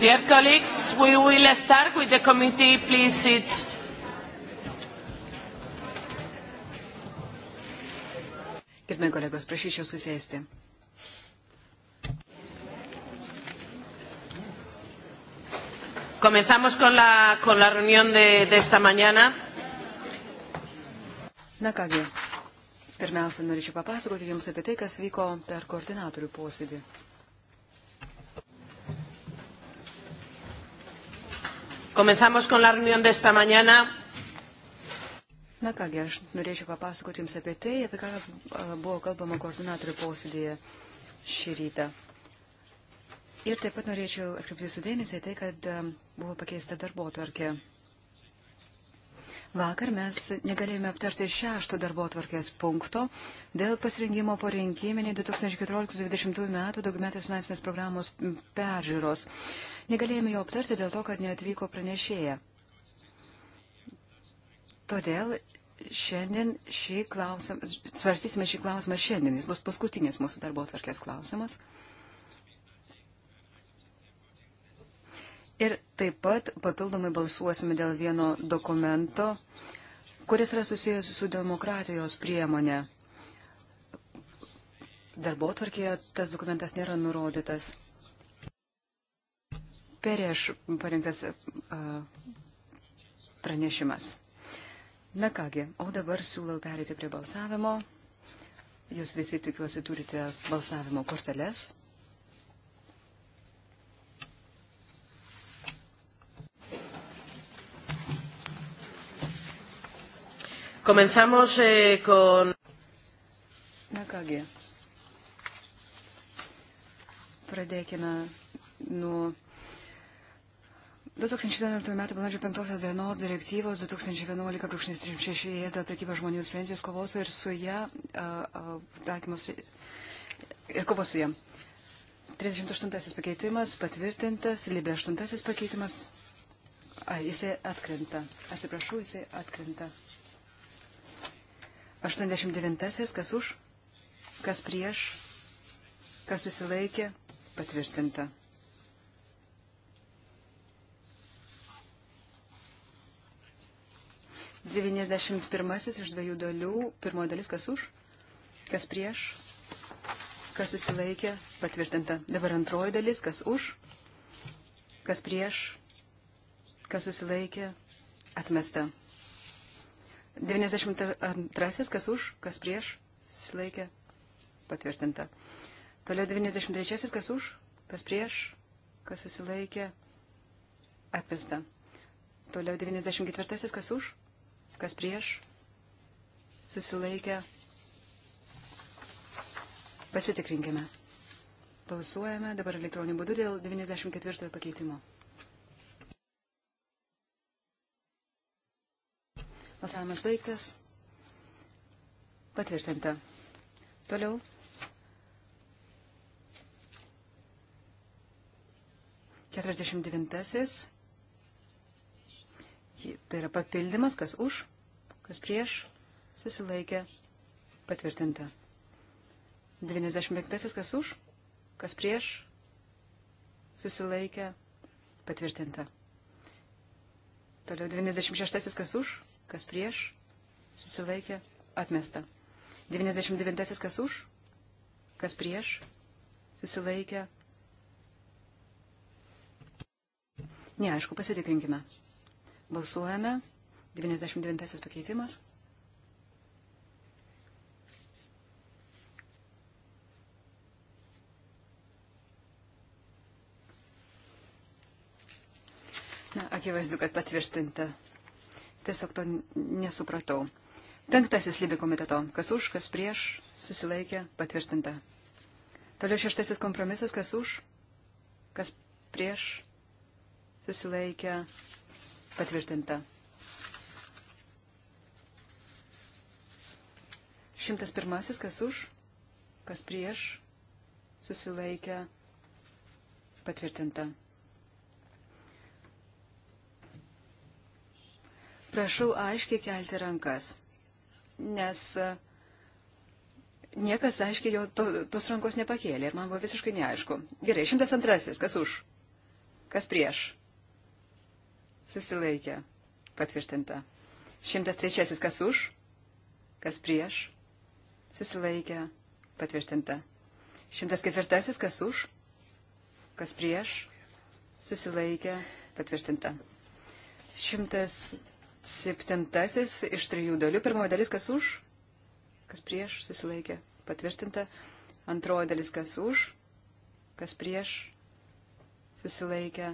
Dear colleagues, we will start with the committee. Please sit. Gerbėjai kolegos, prašyčiau susėsti. Comenzamos con la, con la reunión de, de esta mañana. Na kągi, pirmiausia, norėčiau papasakoti Jums apie tai, kas vyko per koordinatorių posėdį. Comenzamos con la reunión de esta mañana. Na kągi, aš norėčiau papasakoti Jums apie tai, apie ką buvo kalbama koordinatorių posėdėje šį rytą. Ir taip pat norėčiau atkreipti sudėmesį į tai, kad buvo pakeista darbo tvarkė. Vakar mes negalėjome aptarti šešto darbo atvarkės punkto dėl pasirinkimo po rinkiminį 2014-2020 metų daugmetės finansinės programos peržiūros. Negalėjome jo aptarti dėl to, kad neatvyko pranešėja. Todėl šiandien šį klausimą, svarstysime šį klausimą šiandien, jis bus paskutinis mūsų darbo atvarkės klausimas. Ir taip pat papildomai balsuosime dėl vieno dokumento, kuris yra susijęs su demokratijos priemonė. Darbo tvarkėje tas dokumentas nėra nurodytas. Perėš parengtas uh, pranešimas. Na kągi, o dabar siūlau perėti prie balsavimo. Jūs visi tikiuosi turite balsavimo korteles. Comenzamos eh, con. Na kągi. Pradėkime nuo 2011 m. balandžio 5 dienos direktyvos 2011-36 ES dėl prekybos žmonėmis prevencijos kovos ir su ją, taikymus ir kovos su ją. 38 pakeitimas patvirtintas, Libė 8 pakeitimas. A, jisai atkrenta. Atsiprašau, jisai atkrenta. 89. Kas už, kas prieš, kas susilaikė, patvirtinta. Devyniasdešimt pirmasis iš dviejų dalių. Pirmoji dalis kas už, kas prieš, kas susilaikė, patvirtinta. Dabar antroji dalis kas už, kas prieš, kas susilaikė, atmesta. 92, kas už, kas prieš, susilaikė, patvirtinta. Toliau 93, kas už, kas prieš, kas susilaikė, atmesta. Toliau 94, kas už, kas prieš, susilaikė. Pasitikrinkime. Balsuojame dabar elektroniniu būdu dėl 94 pakeitimo. Balsavimas baigtas. Patvirtinta. Toliau. Keturiasdešimt devintasis. Tai yra papildymas, kas už, kas prieš, susilaikė, patvirtinta. 95. kas už, kas prieš, susilaikė, patvirtinta. Toliau 96. kas už, kas prieš, susilaikė, atmesta. 99 kas už, kas prieš, susilaikė. Neaišku, pasitikrinkime. Balsuojame. 99 pakeitimas. Na, akivaizdu, kad patvirtinta tiesiog to nesupratau. Penktasis Libė komiteto. Kas už, kas prieš, susilaikė, patvirtinta. Toliau šeštasis kompromisas. Kas už, kas prieš, susilaikė, patvirtinta. 101. Kas už, kas prieš, susilaikė, patvirtinta. prašau aiškiai kelti rankas, nes e, niekas aiškiai jo to, tos rankos nepakėlė ir man buvo visiškai neaišku. Gerai, šimtas antrasis, kas už, kas prieš. Susilaikė, patvirtinta. Šimtas trečiasis, kas už, kas prieš. Susilaikė, patvirtinta. Šimtas ketvirtasis, kas už, kas prieš. Susilaikė, patvirtinta. Šimtas 100... Septintasis iš trijų dalių. Pirmoji dalis, kas už, kas prieš, susilaikė, patvirtinta. Antroji dalis, kas už, kas prieš, susilaikė.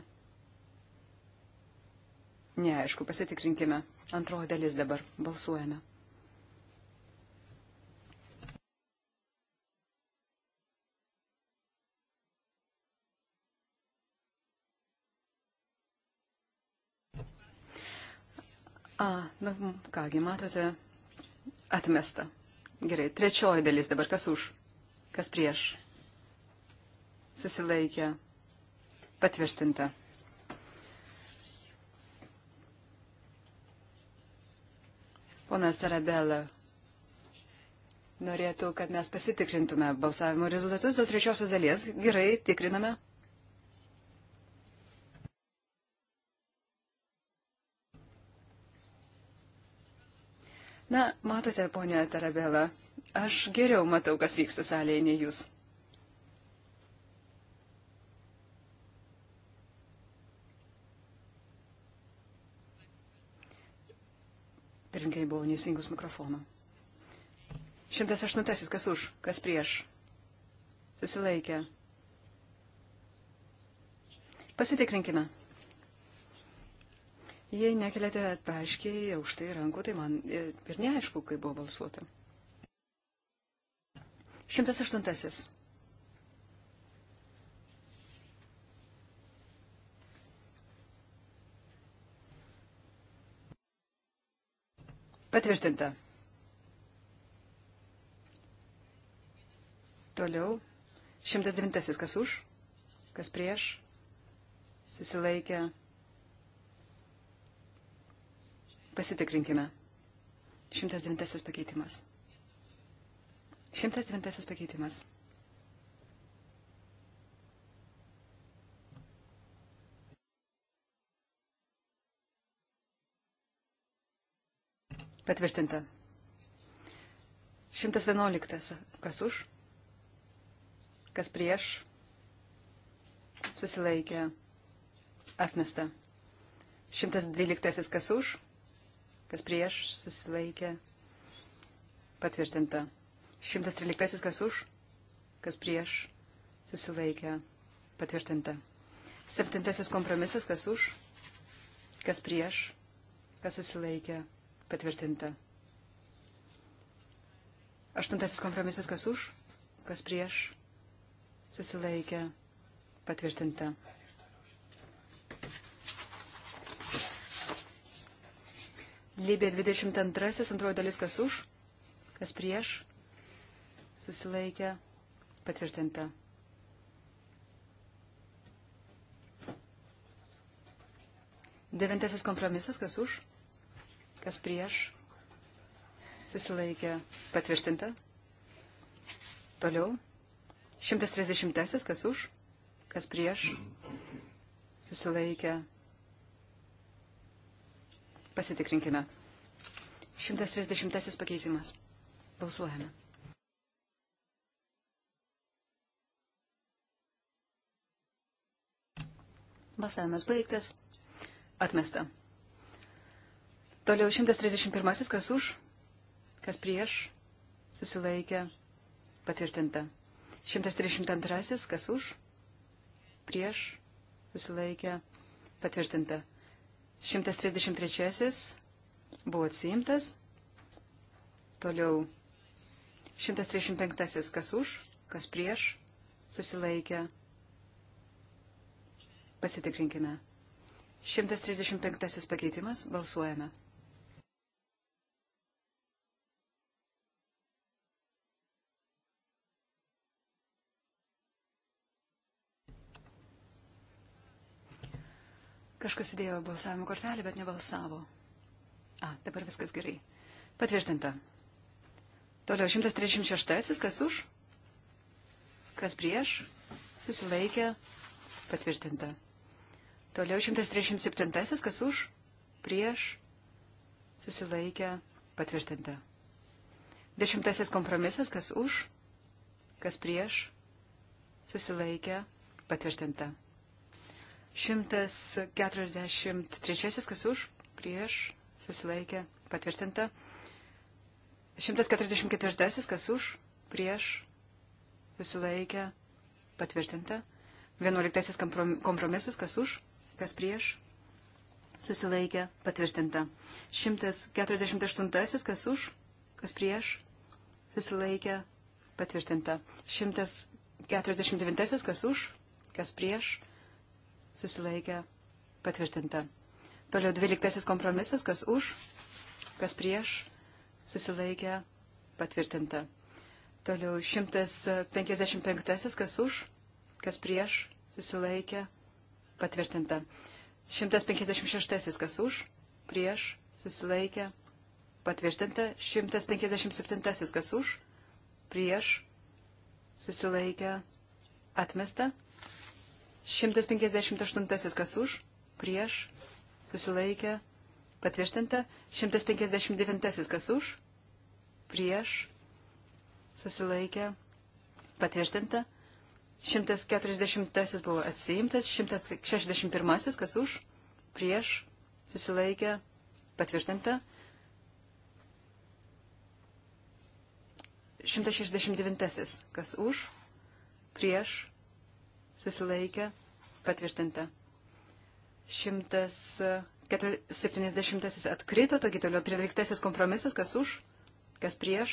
Neaišku, pasitikrinkime. Antroji dalis dabar. Balsuojame. A, na kągi, matote, atmesta. Gerai, trečioji dalis dabar, kas už, kas prieš. Susilaikė, patvirtinta. Ponas Tarabela norėtų, kad mes pasitikrintume balsavimo rezultatus dėl trečiosios dalies. Gerai, tikriname. Na, matote, ponė Tarabela, aš geriau matau, kas vyksta salėje, nei jūs. Pirinkai buvo neįsingus mikrofoną. 108. Kas už, kas prieš? Susilaikė. Pasitikrinkime. Jei nekeliate paaiškiai aukštai rankų, tai man ir neaišku, kaip buvo balsuota. 108. Patvirtinta. Toliau. 109. Kas už, kas prieš, susilaikė Pasitikrinkime. 109 pakeitimas. 109 pakeitimas. Patvirtinta. 111. Kas už? Kas prieš? Susilaikė. Atmesta. 112. Kas už? kas prieš susilaikė patvirtinta. 113 kas už, kas prieš susilaikė patvirtinta. Septintasis kompromisas kas už, kas prieš, kas susilaikė patvirtinta. Aštuntasis kompromisas kas už, kas prieš susilaikė patvirtinta. Libė 22, antroji dalis kas už, kas prieš, susilaikė, patvirtinta. Devintasis kompromisas, kas už, kas prieš, susilaikė, patvirtinta. Toliau, 130, kas už, kas prieš, susilaikė, patvirtinta Pasitikrinkime. 130 pakeitimas. Balsuojame. Balsavimas baigtas. Atmesta. Toliau 131. Kas už, kas prieš, susilaikė, patvirtinta. 132. Kas už, prieš, susilaikė, patvirtinta. 133 buvo atsiimtas. Toliau 135 kas už, kas prieš, susilaikė. Pasitikrinkime. 135 pakeitimas, balsuojame. Kažkas įdėjo balsavimo kortelį, bet nebalsavo. A, dabar viskas gerai. Patvirtinta. Toliau 136, kas už, kas prieš, susilaikė, patvirtinta. Toliau 137, kas už, prieš, susilaikė, patvirtinta. Dešimtasis kompromisas, kas už, kas prieš, susilaikė, patvirtinta. 143, kas už, prieš, susilaikė, patvirtinta. 144, kas už, prieš, susilaikė, patvirtinta. 11 kompromisas, kas už, kas prieš, susilaikė, patvirtinta. 148, kas už, kas prieš, susilaikė, patvirtinta. 149, kas už, kas prieš, susilaikė susilaikę, patvirtinta. Toliau dvyliktasis kompromisas, kas už, kas prieš, susilaikę, patvirtinta. Toliau 155, kas už, kas prieš, susilaikė, patvirtinta. 156, kas už, prieš, susilaikė, patvirtinta. 157, kas už, prieš, susilaikė, atmesta. 158 kas už, prieš, susilaikė, patvirtinta. 159 kas už, prieš, susilaikė, patvirtinta. 140 buvo atsiimtas, 161 kas už, prieš, susilaikė, patvirtinta. 169 kas už, prieš, susilaikė, patvirtinta. 170 atkrito, togi toliau 13 kompromisas, kas už, kas prieš,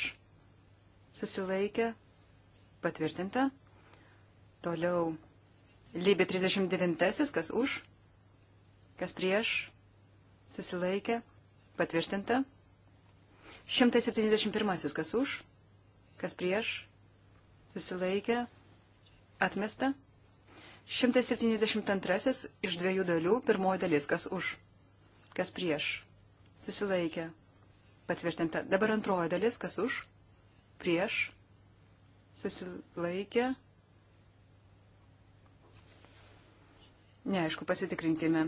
susilaikė, patvirtinta. Toliau lybė 39, kas už, kas prieš, susilaikė, patvirtinta. 171, kas už, kas prieš, susilaikė, atmesta. 172 iš dviejų dalių, pirmoji dalis, kas už, kas prieš, susilaikė, patvirtinta. Dabar antroji dalis, kas už, prieš, susilaikė. Neaišku, pasitikrinkime.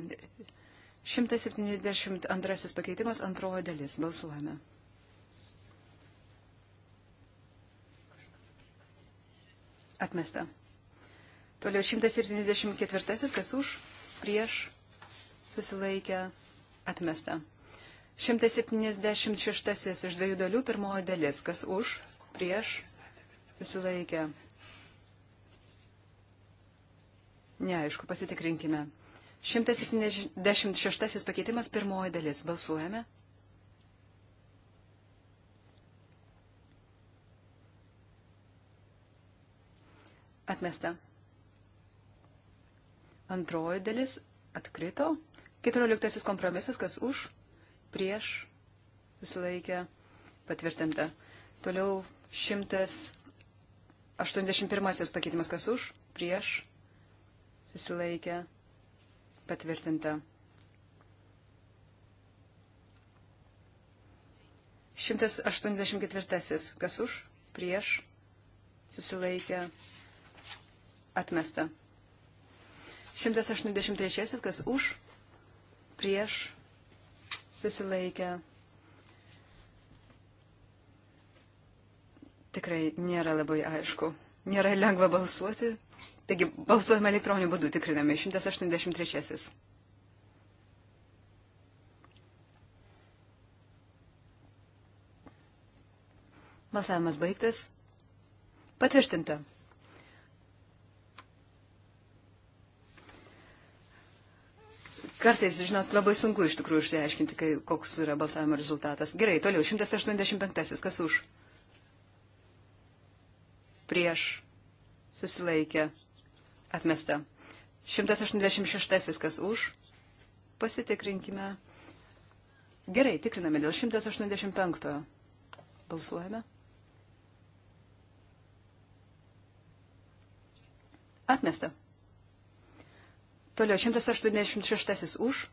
172 pakeitimas, antroji dalis. Balsuojame. Atmesta. Toliau 174, kas už, prieš, susilaikę, atmesta. 176 iš dviejų dalių, pirmoji dalis, kas už, prieš, susilaikę. Neaišku, pasitikrinkime. 176 pakeitimas, pirmoji dalis. Balsuojame. Atmesta. Antroji dalis atkrito. Keturioliktasis kompromisas, kas už, prieš, susilaikė, patvirtinta. Toliau 181 pakeitimas, kas už, prieš, susilaikė, patvirtinta. 184 kas už, prieš, susilaikė, atmesta. 183, kas už, prieš, susilaikę. Tikrai nėra labai aišku. Nėra lengva balsuoti. Taigi balsuojame elektroniniu būdu, tikriname 183. Balsavimas baigtas. Patvirtinta. Kartais, žinot, labai sunku iš tikrųjų išsiaiškinti, kai, koks yra balsavimo rezultatas. Gerai, toliau, 185. Kas už? Prieš. Susilaikė. Atmesta. 186. Kas už? Pasitikrinkime. Gerai, tikriname dėl 185. Balsuojame. Atmesta. Toliau 186 už,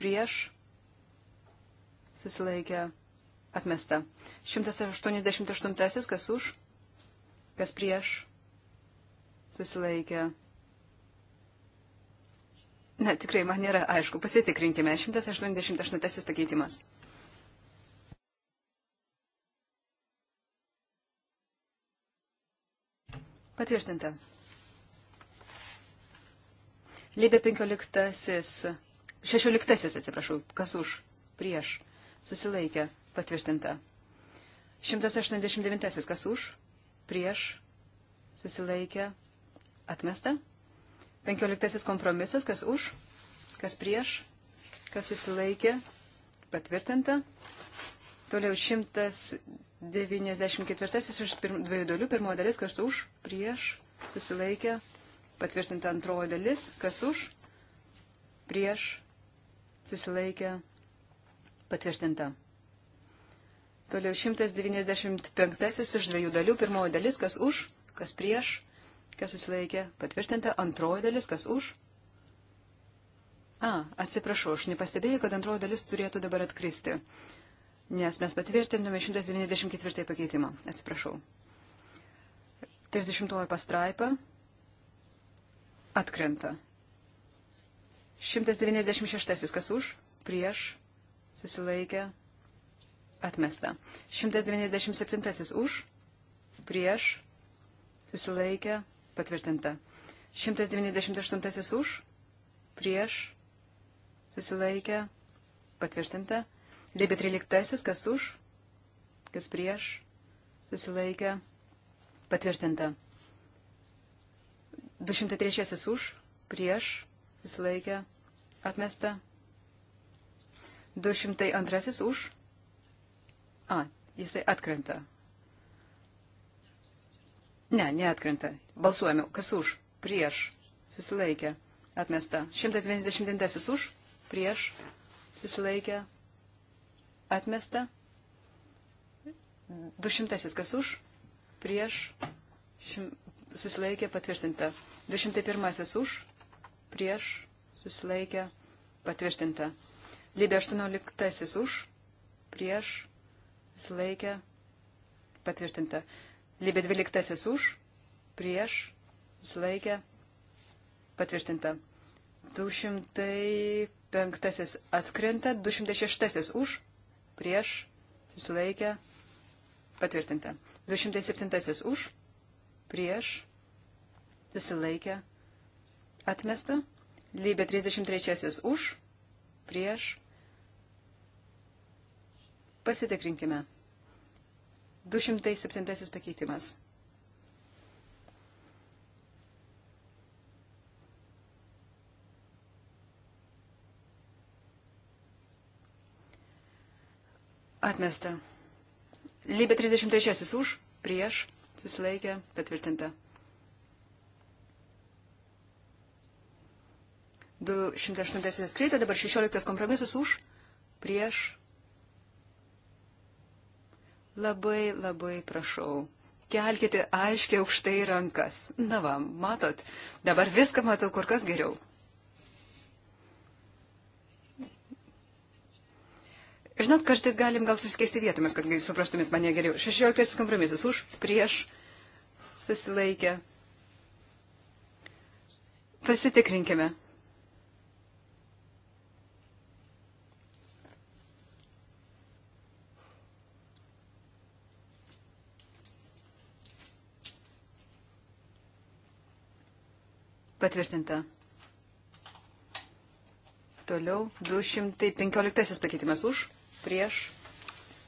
prieš, susilaikė atmesta. 188 kas už, kas prieš, susilaikė. Na, tikrai man nėra aišku, pasitikrinkime. 188 pakeitimas. Patvirtinta. Libė 15. 16. atsiprašau, kas už, prieš, susilaikė, patvirtinta. 189. kas už, prieš, susilaikė, atmesta. 15. kompromisas, kas už, kas prieš, kas susilaikė, patvirtinta. Toliau 194 iš dviejų dalių, pirmoji dalis, kas už, prieš, susilaikė, Patvirtinta antroji dalis, kas už, prieš, susilaikė, patvirtinta. Toliau 195 iš dviejų dalių, pirmoji dalis, kas už, kas prieš, kas susilaikė, patvirtinta, antroji dalis, kas už. A, atsiprašau, aš nepastebėjau, kad antroji dalis turėtų dabar atkristi, nes mes patvirtinome 194 pakeitimą. Atsiprašau. 30 pastraipa, atkrenta. 196. Kas už? Prieš. Susilaikė. Atmesta. 197. Už. Prieš. Susilaikė. Patvirtinta. 198. Už. Prieš. Susilaikė. Patvirtinta. Liebė 13. Kas už? Kas prieš? Susilaikė. Patvirtinta. 203 už, prieš, susilaikė, atmesta. 202 už. A, jisai atkrenta. Ne, neatkrenta. Balsuojame. Kas už? Prieš. Susilaikė. Atmesta. 129 už. Prieš. Susilaikė. Atmesta. 200 kas už. Prieš. Šim, susilaikė patvirtinta. 201 už, prieš, susilaikė patvirtinta. Lybė 18 už, prieš, susilaikė patvirtinta. Lybė 12 už, prieš, susilaikė patvirtinta. 205 atkrenta, 206 už, prieš, susilaikė patvirtinta. 207 už, prieš, susilaikė, atmesta. Lybė 33 už, prieš. Pasitikrinkime. 207 pakeitimas. Atmesta. Lybė 33 už, prieš, susilaikė, patvirtinta. 208 atkrito, dabar 16 kompromisas už, prieš. Labai, labai prašau. Kelkite aiškiai aukštai rankas. Na va, matot, dabar viską matau kur kas geriau. Žinot, kartais galim gal susikeisti vietomis, kad suprastumėt mane geriau. 16 kompromisas už, prieš, susilaikę. Pasitikrinkime. Patvirtinta. Toliau 215 pakeitimas už prieš,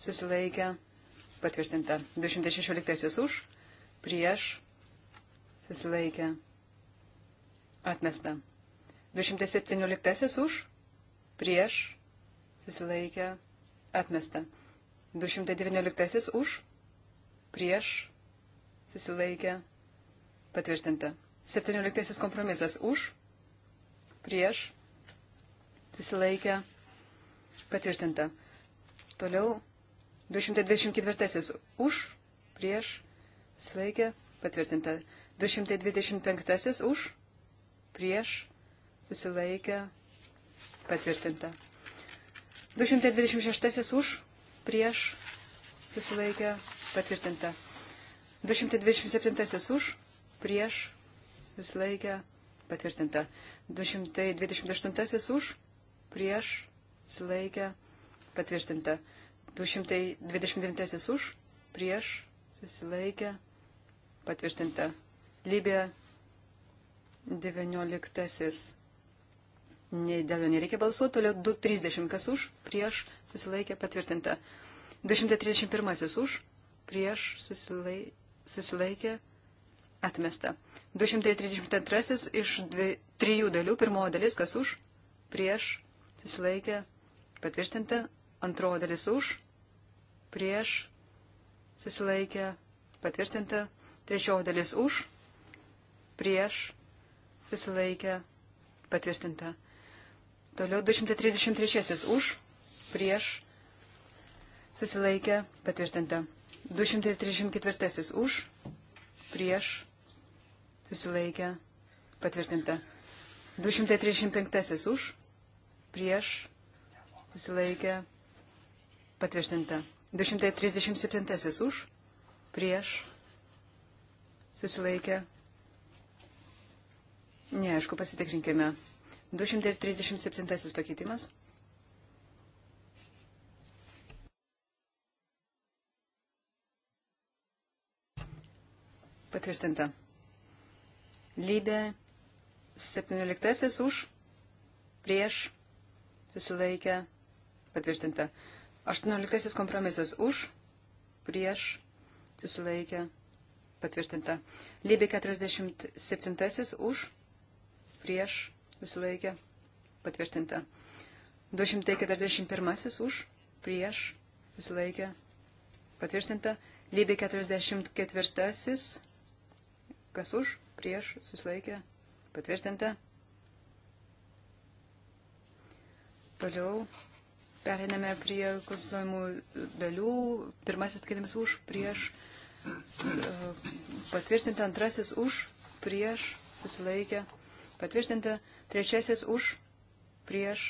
susilaikę, patvirtinta. 216 už, prieš, susilaikę, atmesta. 217 už, prieš, susilaikę, atmesta. 219 už, prieš, susilaikę, patvirtinta. 17 kompromisas už, prieš, susilaikę, patvirtinta. Toliau 224 už, prieš, sveikė, patvirtinta. 225 už, prieš, susilaikė, patvirtinta. 226 už, prieš, susilaikė, patvirtinta. 227 už, prieš, susilaikė, patvirtinta. 228 už, prieš, susilaikė, patvirtinta patvirtinta. 229 už, prieš, susilaikė, patvirtinta. Libija 19. Ne, dėl jo nereikia balsuoti, toliau 230 kas už, prieš, susilaikė, patvirtinta. 231 už, prieš, susilai, susilaikė, atmesta. 232 iš dvi, trijų dalių, pirmoji dalis kas už, prieš, susilaikė, patvirtinta, Antroji dalis už, prieš, susilaikė, patvirtinta. Trečioji dalis už, prieš, susilaikė, patvirtinta. Toliau 233 už, prieš, susilaikė, patvirtinta. 234 už, prieš, susilaikė, patvirtinta. 235 už, prieš, susilaikė, patvirtinta. 237 už, prieš, susilaikė. Neaišku, pasitikrinkime. 237 pakeitimas. Patvirtinta. Lybė 17 už, prieš, susilaikė, patvirtinta. 18 kompromisas už, prieš, susilaikė, patvirtinta. Lybė 47 už, prieš, susilaikė, patvirtinta. 241 už, prieš, susilaikė, patvirtinta. Lybė 44, kas už, prieš, susilaikė, patvirtinta. Toliau Periname prie konstituojimų dalių. Pirmasis pakeitimas už, prieš, e, patvirtinti. Antrasis už, prieš, susilaikę. Patvirtinti. Trečiasis už, prieš,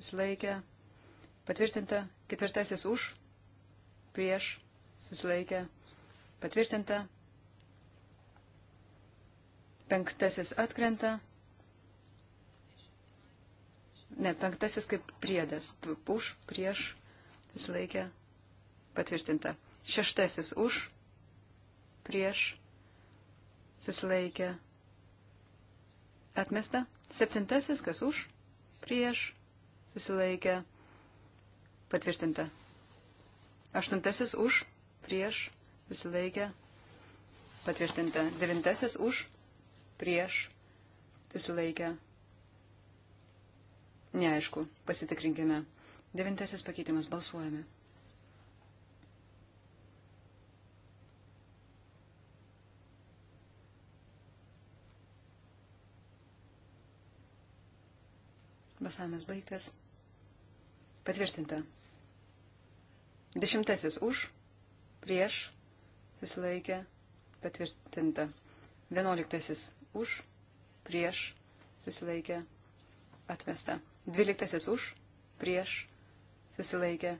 susilaikę. Patvirtinta. Ketvirtasis už, prieš, susilaikę. Patvirtinta. Penktasis atkrenta ne, penktasis kaip priedas, už, prieš, susilaikė, patvirtinta. Šeštasis už, prieš, susilaikė, atmesta. Septintasis, kas už, prieš, susilaikė, patvirtinta. Aštuntasis už, prieš, susilaikė, patvirtinta. Devintasis už, prieš, susilaikė, patvirtinta Neaišku, pasitikrinkime. Devintasis pakeitimas balsuojame. Balsavimas baigtas. Patvirtinta. Dešimtasis už, prieš, susilaikė, patvirtinta. Vienuoliktasis už, prieš, susilaikė, atmesta. Dvyliktasis už, prieš, susilaikė,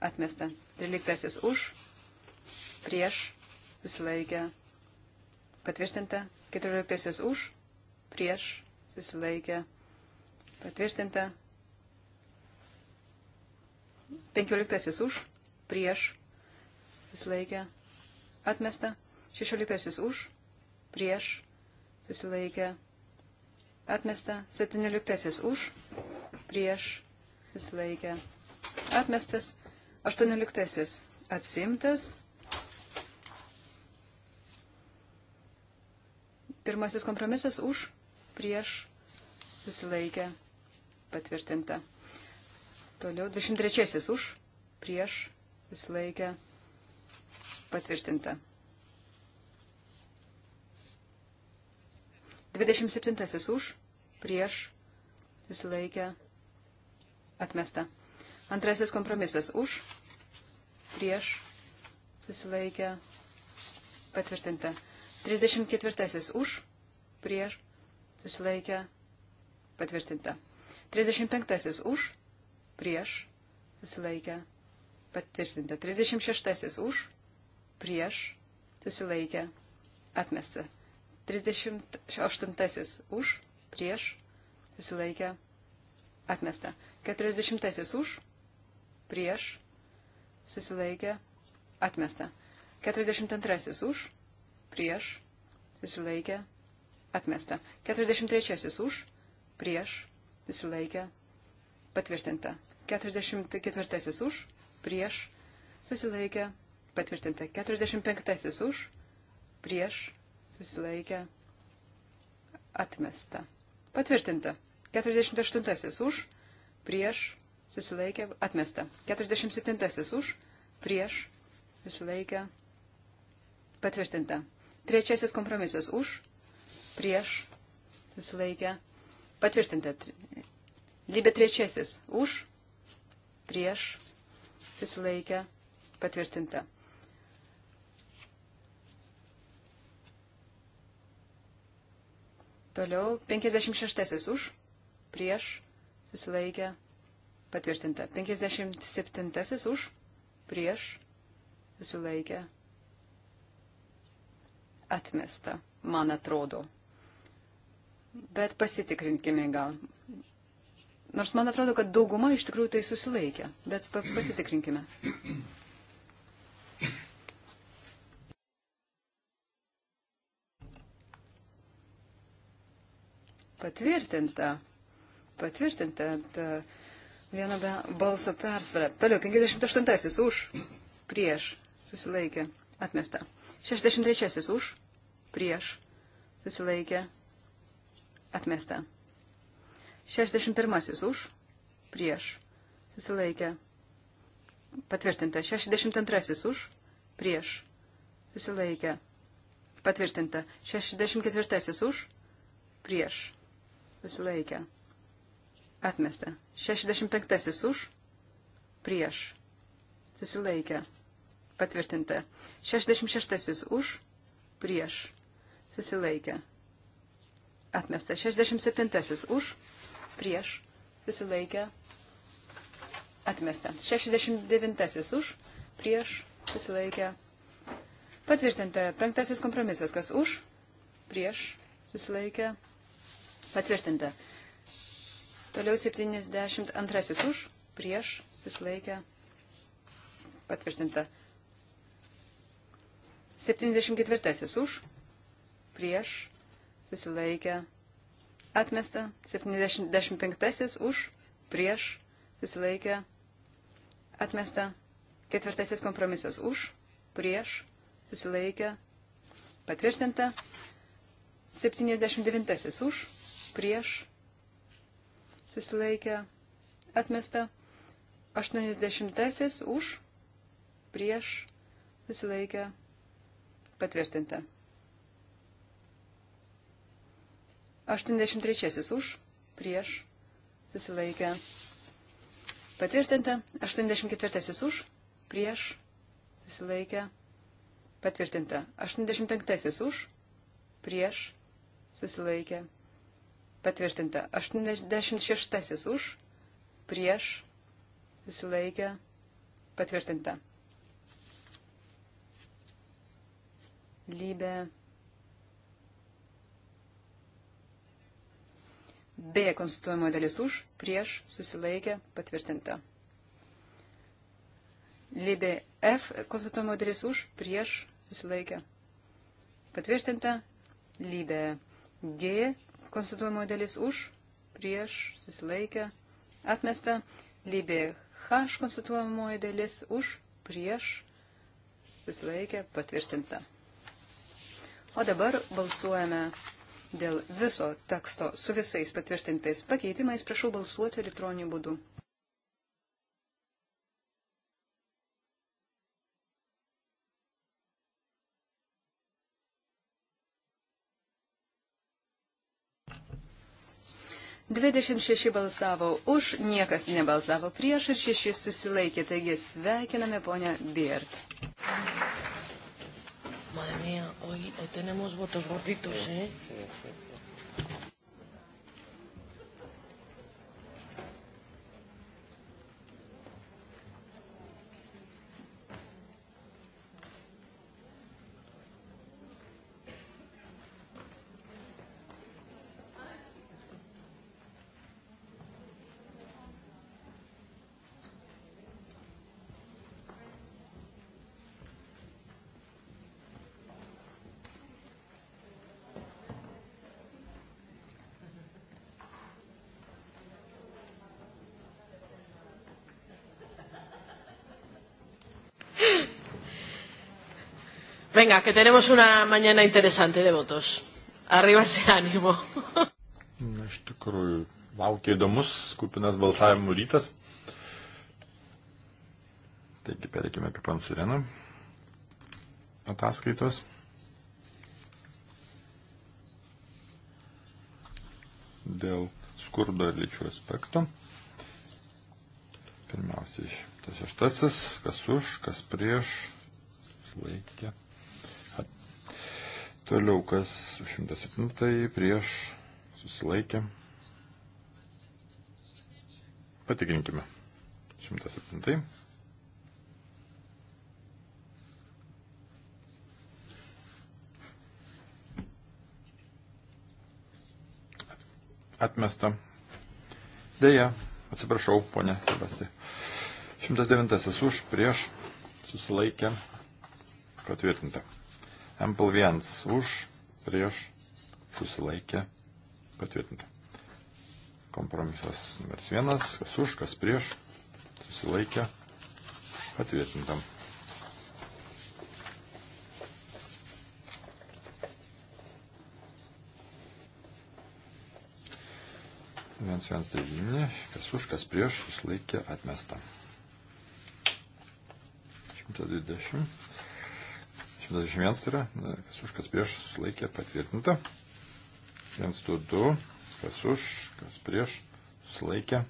atmesta. Tryliktasis už, prieš, susilaikė, patvirtinta. Keturioliktasis už, prieš, susilaikė, patvirtinta. Penkioliktasis už, prieš, susilaikė, atmesta. Šešioliktasis už, prieš, susilaikė, atmesta atmesta. 17 už, prieš, susilaikė, atmestas. 18 atsimtas. Pirmasis kompromisas už, prieš, susilaikė, patvirtinta. Toliau 23 už, prieš, susilaikė, patvirtinta. 27 už, prieš, susilaikę, atmesta. Antrasis kompromisas už, prieš, susilaikę, patvirtinta. 34 už, prieš, susilaikę, patvirtinta. 35 už, prieš, susilaikę, patvirtinta. 36 už, prieš, susilaikę, atmesta. 38 už, prieš, susilaikę, atmesta. 40 už, prieš, susilaikę, atmesta. 42 už, prieš, susilaikę, atmesta. 43 už, prieš, susilaikę, patvirtinta. 44 už, prieš, susilaikę, patvirtinta. 45 už, prieš, susilaikę, atmesta. Patvirtinta. 48 už, prieš, susilaikę, atmesta. 47 už, prieš, susilaikę, patvirtinta. Trečiasis kompromisas už, prieš, susilaikę, patvirtinta. Lybė trečiasis už, prieš, susilaikę, patvirtinta. Toliau 56 už, prieš, susilaikė, patvirtinta. 57 už, prieš, susilaikė, atmesta, man atrodo. Bet pasitikrinkime gal. Nors man atrodo, kad dauguma iš tikrųjų tai susilaikė, bet pasitikrinkime. patvirtinta. Patvirtinta vieno balso persvarą. Toliau 58 už, prieš, susilaikė, atmesta. 63 už, prieš, susilaikė, atmesta. 61 už, prieš, susilaikė, patvirtinta. 62 už, prieš, susilaikė, patvirtinta. 64 už, prieš, susilaikę, atmesta. 65 už, prieš, susilaikę, patvirtinta. 66 už, prieš, susilaikę, atmesta. 67 už, prieš, susilaikę, atmesta. 69 už, prieš, susilaikę, patvirtinta. Penktasis kompromisas, kas už, prieš, susilaikę, atmesta Patvirtinta. Toliau 72 už, prieš, susilaikė, patvirtinta. 74 už, prieš, susilaikė, atmesta. 75 už, prieš, susilaikė, atmesta. Ketvirtasis kompromisas už, prieš, susilaikė, patvirtinta. 79 už, prieš, susilaikė, atmesta. 80 už, prieš, susilaikė, patvirtinta. 83 už, prieš, susilaikė, patvirtinta. 84 už, prieš, susilaikė, patvirtinta. 85 už, prieš, susilaikė, Patvirtinta. 86 už, prieš, susilaikė, patvirtinta. Lybė. B konstituojimo dalis už, prieš, susilaikė, patvirtinta. Lybė F konstituojimo dalis už, prieš, susilaikė, patvirtinta. Lybė G konstatuojamoji dalis už, prieš, susilaikę, atmesta. Lybė H konstatuojamoji dalis už, prieš, susilaikę, patvirtinta. O dabar balsuojame dėl viso teksto su visais patvirtintais pakeitimais. Prašau balsuoti elektroniniu būdu. 26 balsavo už, niekas nebalsavo prieš ir 6 susilaikė. Taigi sveikiname ponę Biert. Madre mía, hoy tenemos votos gorditos, ¿eh? Sí, sí, sí. Venga, que tenemos una mañana interesante de votos. Arriba ese ánimo. Na, iš tikrųjų, laukia įdomus, kupinas balsavimų rytas. Taigi, pereikime prie Pansurėną ataskaitos. Dėl skurdo ir lyčių aspektų. Pirmiausiai, tas šeštasis, kas už, kas prieš, laikė Toliau kas 107 prieš susilaikė. Patikrinkime. 107. Atmesta. Deja, atsiprašau, ponė Sebasti. 109 už, prieš, susilaikė, patvirtinta. MPL1 už, prieš, susilaikė, patvirtinta. Kompromisas numeris 1, kas už, kas prieš, susilaikė, patvirtinta. Viens, viens, devyni, kas už, kas prieš, susilaikė, atmesta. 120 121 yra, kas už, kas prieš, sulaikė patvirtinta. 122, kas už, kas prieš, sulaikė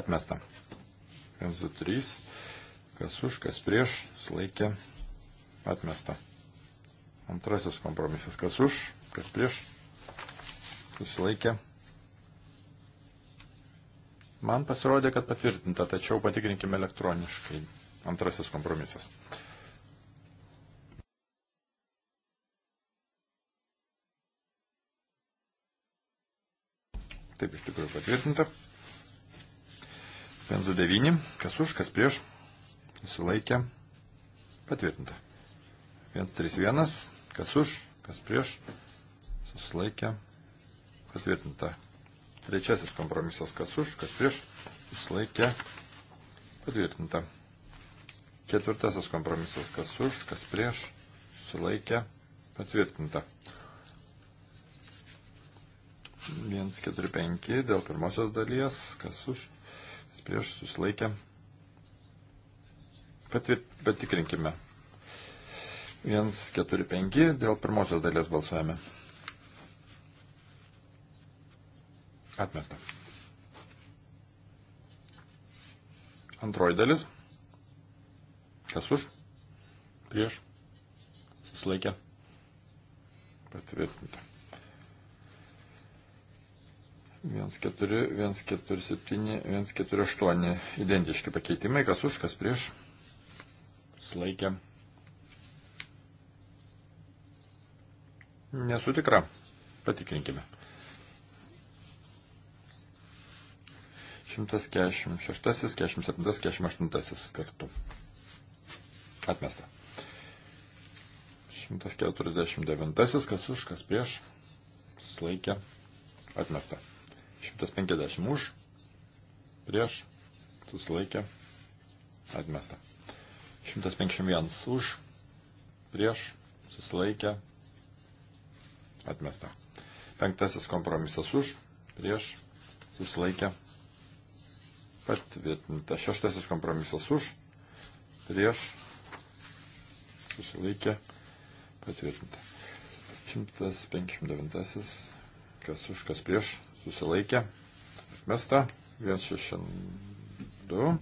atmesta. 123, kas už, kas prieš, sulaikė atmesta. Antrasis kompromisas, kas už, kas prieš, susilaikė. Man pasirodė, kad patvirtinta, tačiau patikrinkime elektroniškai. Antrasis kompromisas. Taip iš tikrųjų patvirtinta. Penzu 9. Kas už, kas prieš. Sulaikė. Patvirtinta. 131. Kas už, kas prieš. Susilaikė. Patvirtinta. Trečiasis kompromisas. Kas už, kas prieš. Susilaikė. Patvirtinta. Ketvirtasis kompromisas. Kas už, kas prieš. Susilaikė. Patvirtinta. 145 dėl pirmosios dalies, kas už, kas prieš susilaikė. Patvir, patikrinkime. 145 dėl pirmosios dalies balsuojame. Atmesta. Antroji dalis. Kas už? Prieš. Susilaikė. Patvirtinta. 1,4, 1,4,7, 1,4,8 identiški pakeitimai, kas už, kas prieš, slaikė. Nesu tikra, patikrinkime. 146, 147, 148 kartu. Atmesta. 149, kas už, kas prieš, slaikė. Atmesta. 150 už, prieš, susilaikė, atmesta. 151 už, prieš, susilaikė, atmesta. Penktasis kompromisas už, prieš, susilaikė, patvirtinta. Šeštasis kompromisas už, prieš, susilaikė, patvirtinta. 159, kas už, kas prieš, susilaikė, atmesta, 162,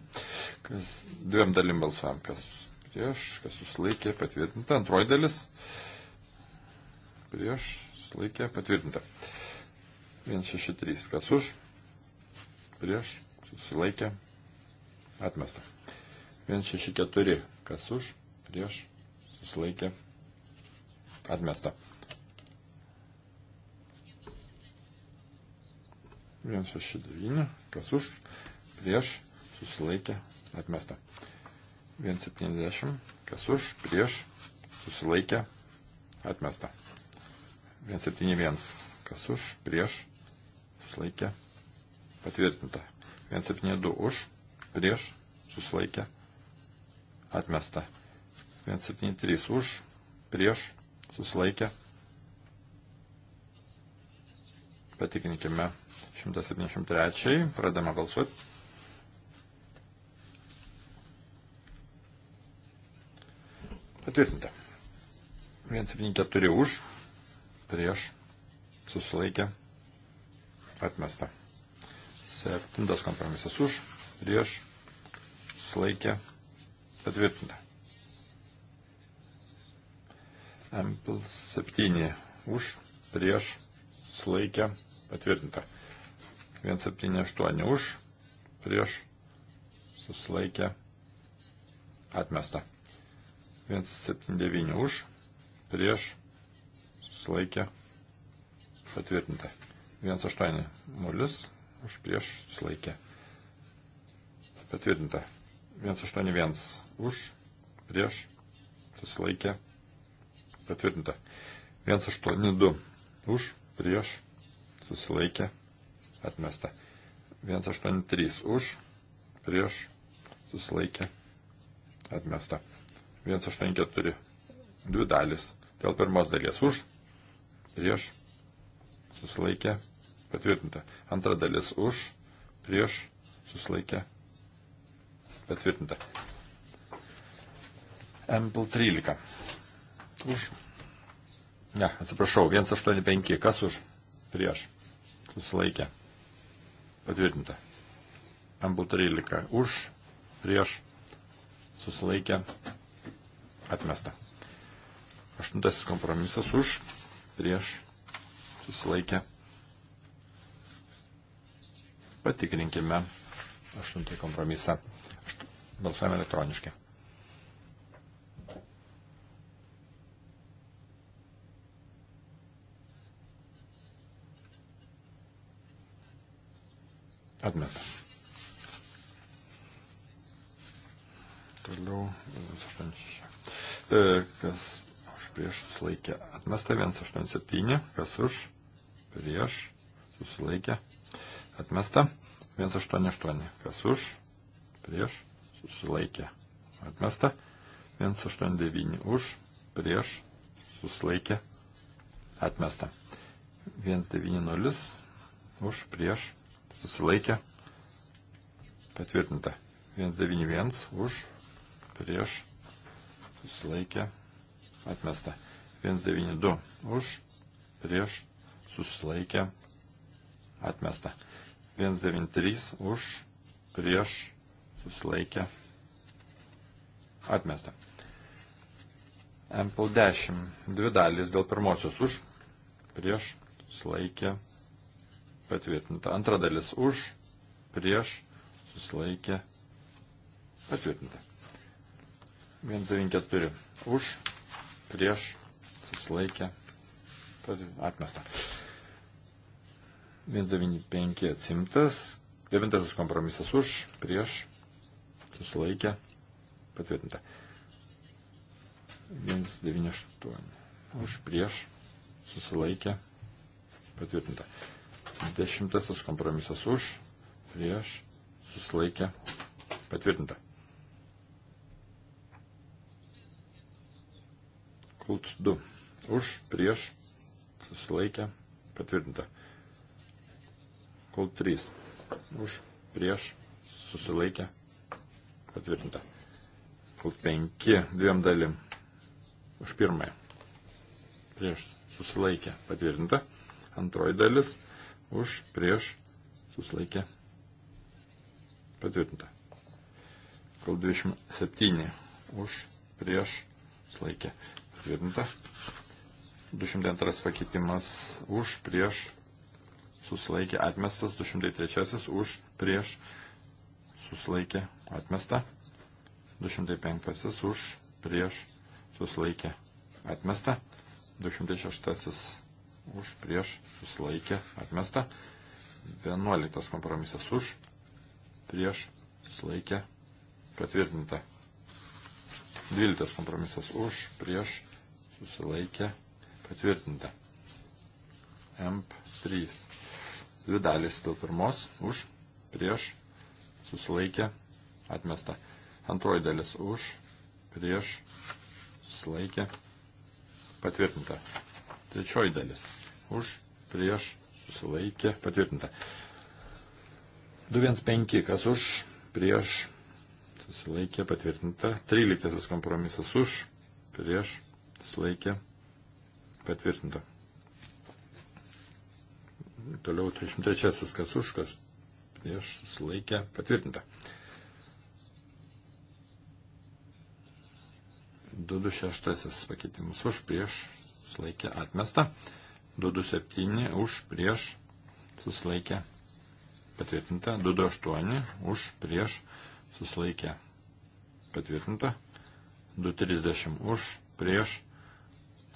kas dviem dalim balsuojam, kas prieš, kas susilaikė, patvirtinta, antroji dalis, prieš, susilaikė, patvirtinta, 163, kas už, prieš, susilaikė, atmesta, 164, kas už, prieš, susilaikė, atmesta. 169, kas už, prieš, susilaikė, atmesta. 170, kas už, prieš, susilaikė, atmesta. 171, kas už, prieš, susilaikė, patvirtinta. 172 už, prieš, susilaikė, atmesta. 173 už, prieš, susilaikė, patikrinkime 173. Pradame balsuoti. Patvirtinta. 174 už, prieš, susilaikė, atmesta. Septintas kompromisas už, prieš, susilaikė, patvirtinta. Ampl 7 už, prieš, susilaikė, patvirtinta. 178 už, prieš, susilaikė, atmesta. 179 už, prieš, susilaikė, patvirtinta. 180 už, prieš, susilaikė, patvirtinta. 181 už, prieš, susilaikė, patvirtinta. 182 už, prieš, susilaikė, atmesta. 183 už, prieš, susilaikė, atmesta. 184, dvi dalis. Dėl pirmos dalies už, prieš, susilaikė, patvirtinta. Antra dalis už, prieš, susilaikė, patvirtinta. MPL 13. Už. Ne, atsiprašau, 185. Kas už? Prieš. Susilaikė. Patvirtinta. Ampul 13 už, prieš, susilaikė, atmesta. Aštuntasis kompromisas už, prieš, susilaikė. Patikrinkime aštuntąjį kompromisą. Balsuojame elektroniškai. Atmesta. Toliau 186. E, kas už prieš susilaikė? Atmesta 187. Kas už prieš susilaikė? Atmesta 188. Kas už prieš susilaikė? Atmesta 189. Už prieš susilaikė? Atmesta. 190 už prieš susilaikė, patvirtinta. 191 už, prieš, susilaikė, atmesta. 192 už, prieš, susilaikė, atmesta. 193 už, prieš, susilaikė, atmesta. MPL 10, dvi dalys dėl pirmosios už, prieš, susilaikė, atmesta patvirtinta. Antra dalis už, prieš, susilaikė, patvirtinta. 194 už, prieš, susilaikė, atmesta. 195 atsimtas, 9 kompromisas už, prieš, susilaikė, patvirtinta. 198 už, prieš, susilaikė, patvirtinta. Dešimtasis kompromisas už, prieš, susilaikė, patvirtinta. Kult 2. Už, prieš, susilaikė, patvirtinta. Kult 3. Už, prieš, susilaikė, patvirtinta. Kult 5. Dviem dalim. Už pirmąją. Prieš, susilaikė, patvirtinta. Antroji dalis už, prieš, susilaikė, patvirtinta. Kol 27 už, prieš, susilaikė, patvirtinta. 202 pakeitimas už, prieš, susilaikė, atmestas. 203 už, prieš, susilaikė, atmesta. 205 už, prieš, susilaikė, atmesta. 206 už prieš susilaikė atmesta. 11 kompromisas už prieš susilaikė patvirtinta. 12 kompromisas už prieš susilaikė patvirtinta. MP3. Dvi dalys dėl pirmos už prieš susilaikė atmesta. Antroji dalis už prieš susilaikė patvirtinta. Trečioji dalis. Už, prieš, susilaikė, patvirtinta. 215, kas už, prieš, susilaikė, patvirtinta. 13 kompromisas už, prieš, susilaikė, patvirtinta. Toliau 303, kas už, kas prieš, susilaikė, patvirtinta. 226 pakeitimus už, prieš, susilaikė atmesta. 227 už prieš susilaikė patvirtinta. 228 už prieš susilaikė patvirtinta. 230 už prieš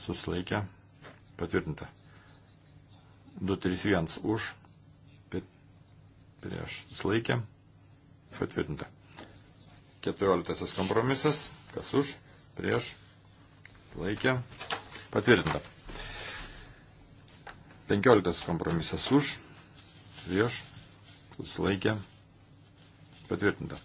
susilaikė patvirtinta. 231 už prieš susilaikė patvirtinta. 14 kompromisas, kas už, prieš, laikė, Patvirtinta. 15 kompromisas už, prieš, susilaikė, patvirtinta.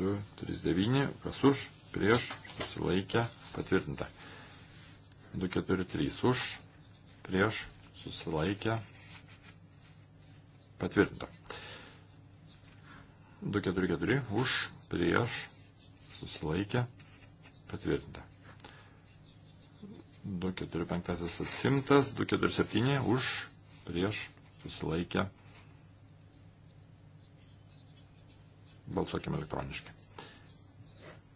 Du, trys, devyni, kas už, prieš, susilaikė, patvirtinta. Du, keturi, trys, už, prieš, susilaikė, patvirtinta. 244 už, prieš, susilaikė, patvirtinta. 245 atsimtas, 247 už, prieš, susilaikė. Balsuokime elektroniškai.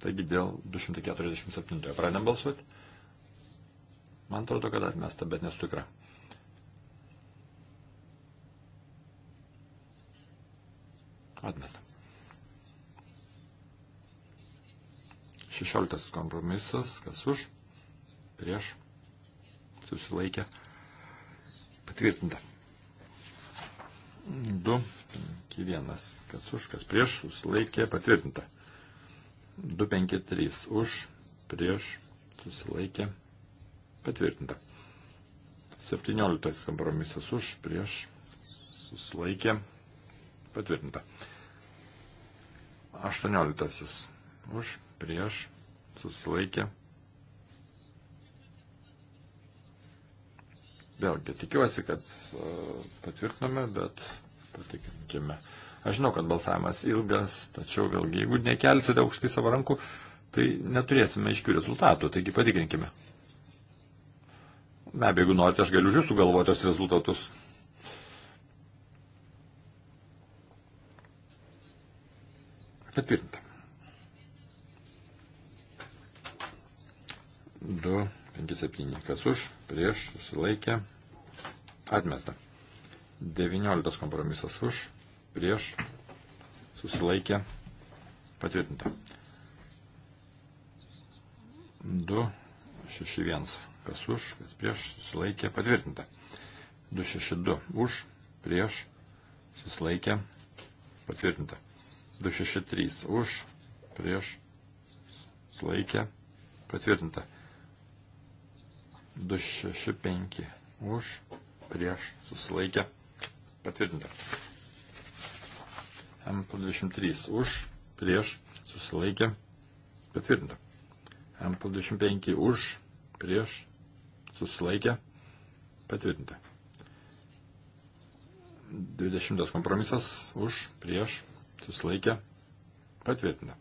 Taigi dėl 247 pradėm balsuoti. Man atrodo, kad atmesta, bet nesu tikra. Atmesta. 16 kompromisas, kas už, prieš, susilaikė, patvirtinta. 2, 5, 1, kas už, kas prieš, susilaikė, patvirtinta. 2, 5, 3, už, prieš, susilaikė, patvirtinta. 17 kompromisas už, prieš, susilaikė, patvirtinta. 18 už, prieš, susilaikė. Vėlgi, tikiuosi, kad e, patvirtiname, bet patikinkime. Aš žinau, kad balsavimas ilgas, tačiau vėlgi, jeigu nekelsite aukštai savo rankų, tai neturėsime aiškių rezultatų, taigi patikrinkime. Be abejo, jeigu norite, aš galiu jūsų galvoti tos rezultatus. Patvirtinta. 2, 5, 7. Kas už, prieš, susilaikė, atmesta. 19 kompromisas už, prieš, susilaikė, patvirtinta. 2, 6, 1. Kas už, kas prieš, susilaikė, patvirtinta. 2, 6, 2. Už, prieš, susilaikė, patvirtinta. 2, 6, 3. Už, prieš, susilaikė, patvirtinta. 265 už, prieš, susilaikė, patvirtinta. MP23 už, prieš, susilaikė, patvirtinta. MP25 už, prieš, susilaikė, patvirtinta. 20 kompromisas už, prieš, susilaikė, patvirtinta.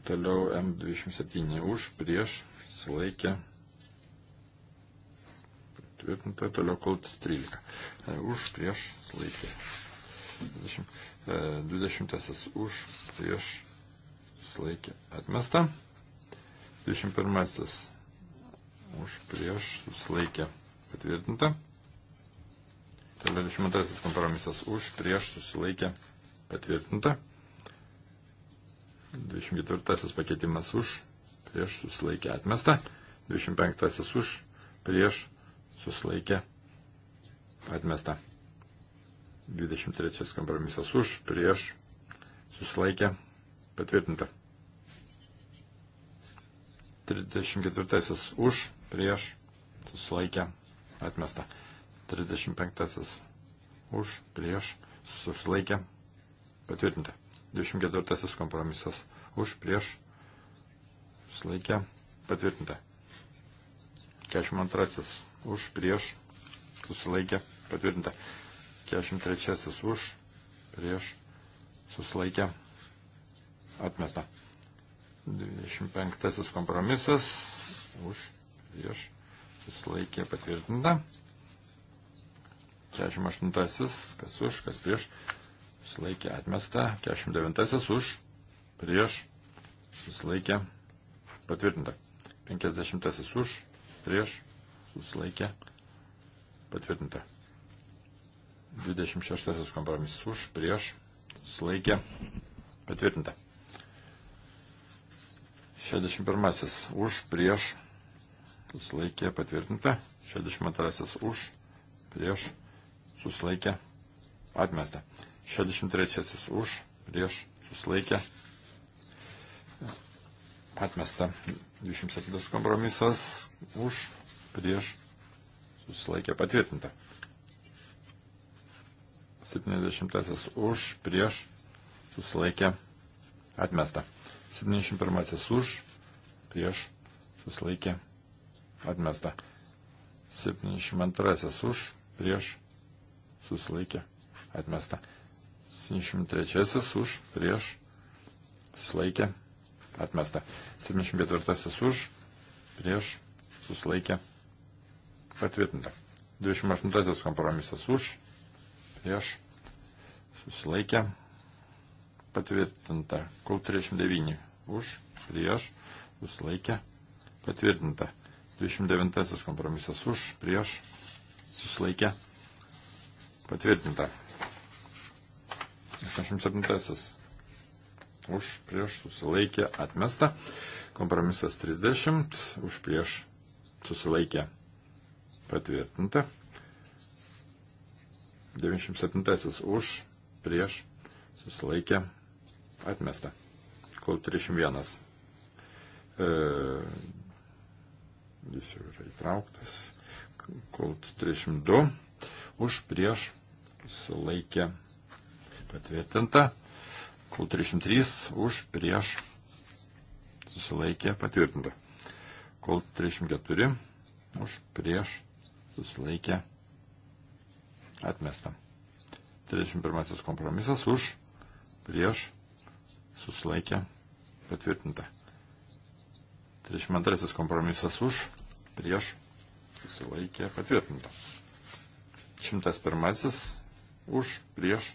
Toliau M27 už, prieš, susilaikė. Patvirtinta, toliau kultas 13. E, už, prieš, susilaikė. 20, 20 e, už, prieš, susilaikė. Atmesta. 21 už, prieš, susilaikė. Patvirtinta. Toliau 22 kompromisas už, prieš, susilaikė. Patvirtinta. 24 pakeitimas už, prieš susilaikė atmesta. 25 už, prieš susilaikė atmesta. 23 kompromisas už, prieš susilaikė patvirtinta. 34 už, prieš susilaikė atmesta. 35 už, prieš susilaikė patvirtinta. 24 kompromisas už prieš slaikę patvirtinta. 42 už prieš susilaikę patvirtinta. 43 už prieš susilaikę atmesta. 25 kompromisas už prieš susilaikė patvirtinta. 48 kas už, kas prieš susilaikė atmesta, 49 už, prieš, susilaikė patvirtinta, 50 už, prieš, susilaikė patvirtinta, 26 kompromisas už, prieš, susilaikė patvirtinta, 61 už, prieš, susilaikė patvirtinta, 62 už, prieš, susilaikė atmesta. 63 už, prieš, susilaikė, atmesta. 27 kompromisas už, prieš, susilaikė, patvirtinta. 70 už, prieš, susilaikė, atmesta. 71 už, prieš, susilaikė, atmesta. 72 už, prieš, susilaikė, atmesta. 73 už, prieš, susilaikė, atmesta. 74 už, prieš, susilaikė, patvirtinta. 28 kompromisas už, prieš, susilaikė, patvirtinta. Kol 39 už, prieš, susilaikė, patvirtinta. 29 kompromisas už, prieš, susilaikė, patvirtinta. 67. Už prieš susilaikė atmesta. Kompromisas 30. Už prieš susilaikė patvirtinta. 97. Už prieš susilaikė atmesta. Kol 31. E, jis jau yra įtrauktas. Kol 32. Už prieš susilaikė atmesta patvirtinta. Q303 už prieš susilaikė patvirtinta. Q304 už prieš susilaikė atmesta. 31 kompromisas už prieš susilaikė patvirtinta. 32 kompromisas už prieš susilaikė patvirtinta. 101 už prieš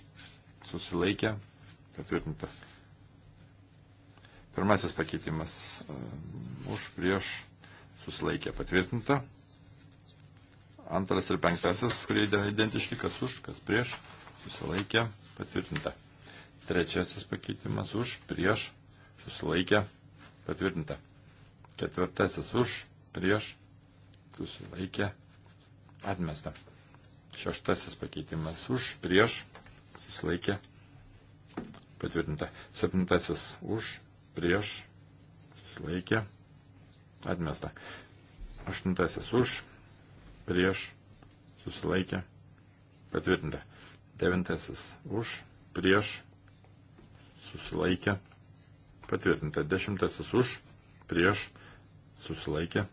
susilaikė, patvirtinta. Pirmasis pakeitimas e, už prieš susilaikė patvirtinta. Antras ir penktasis, kurie identiški, kas už, kas prieš, susilaikė patvirtinta. Trečiasis pakeitimas už prieš susilaikė patvirtinta. Ketvirtasis už prieš susilaikė atmesta. Šeštasis pakeitimas už prieš susilaikė, patvirtinta. Septintasis už, prieš, susilaikė, atmesta. Aštuntasis už, prieš, susilaikė, patvirtinta. Devintasis už, prieš, susilaikė, patvirtinta. Dešimtasis už, prieš, susilaikė,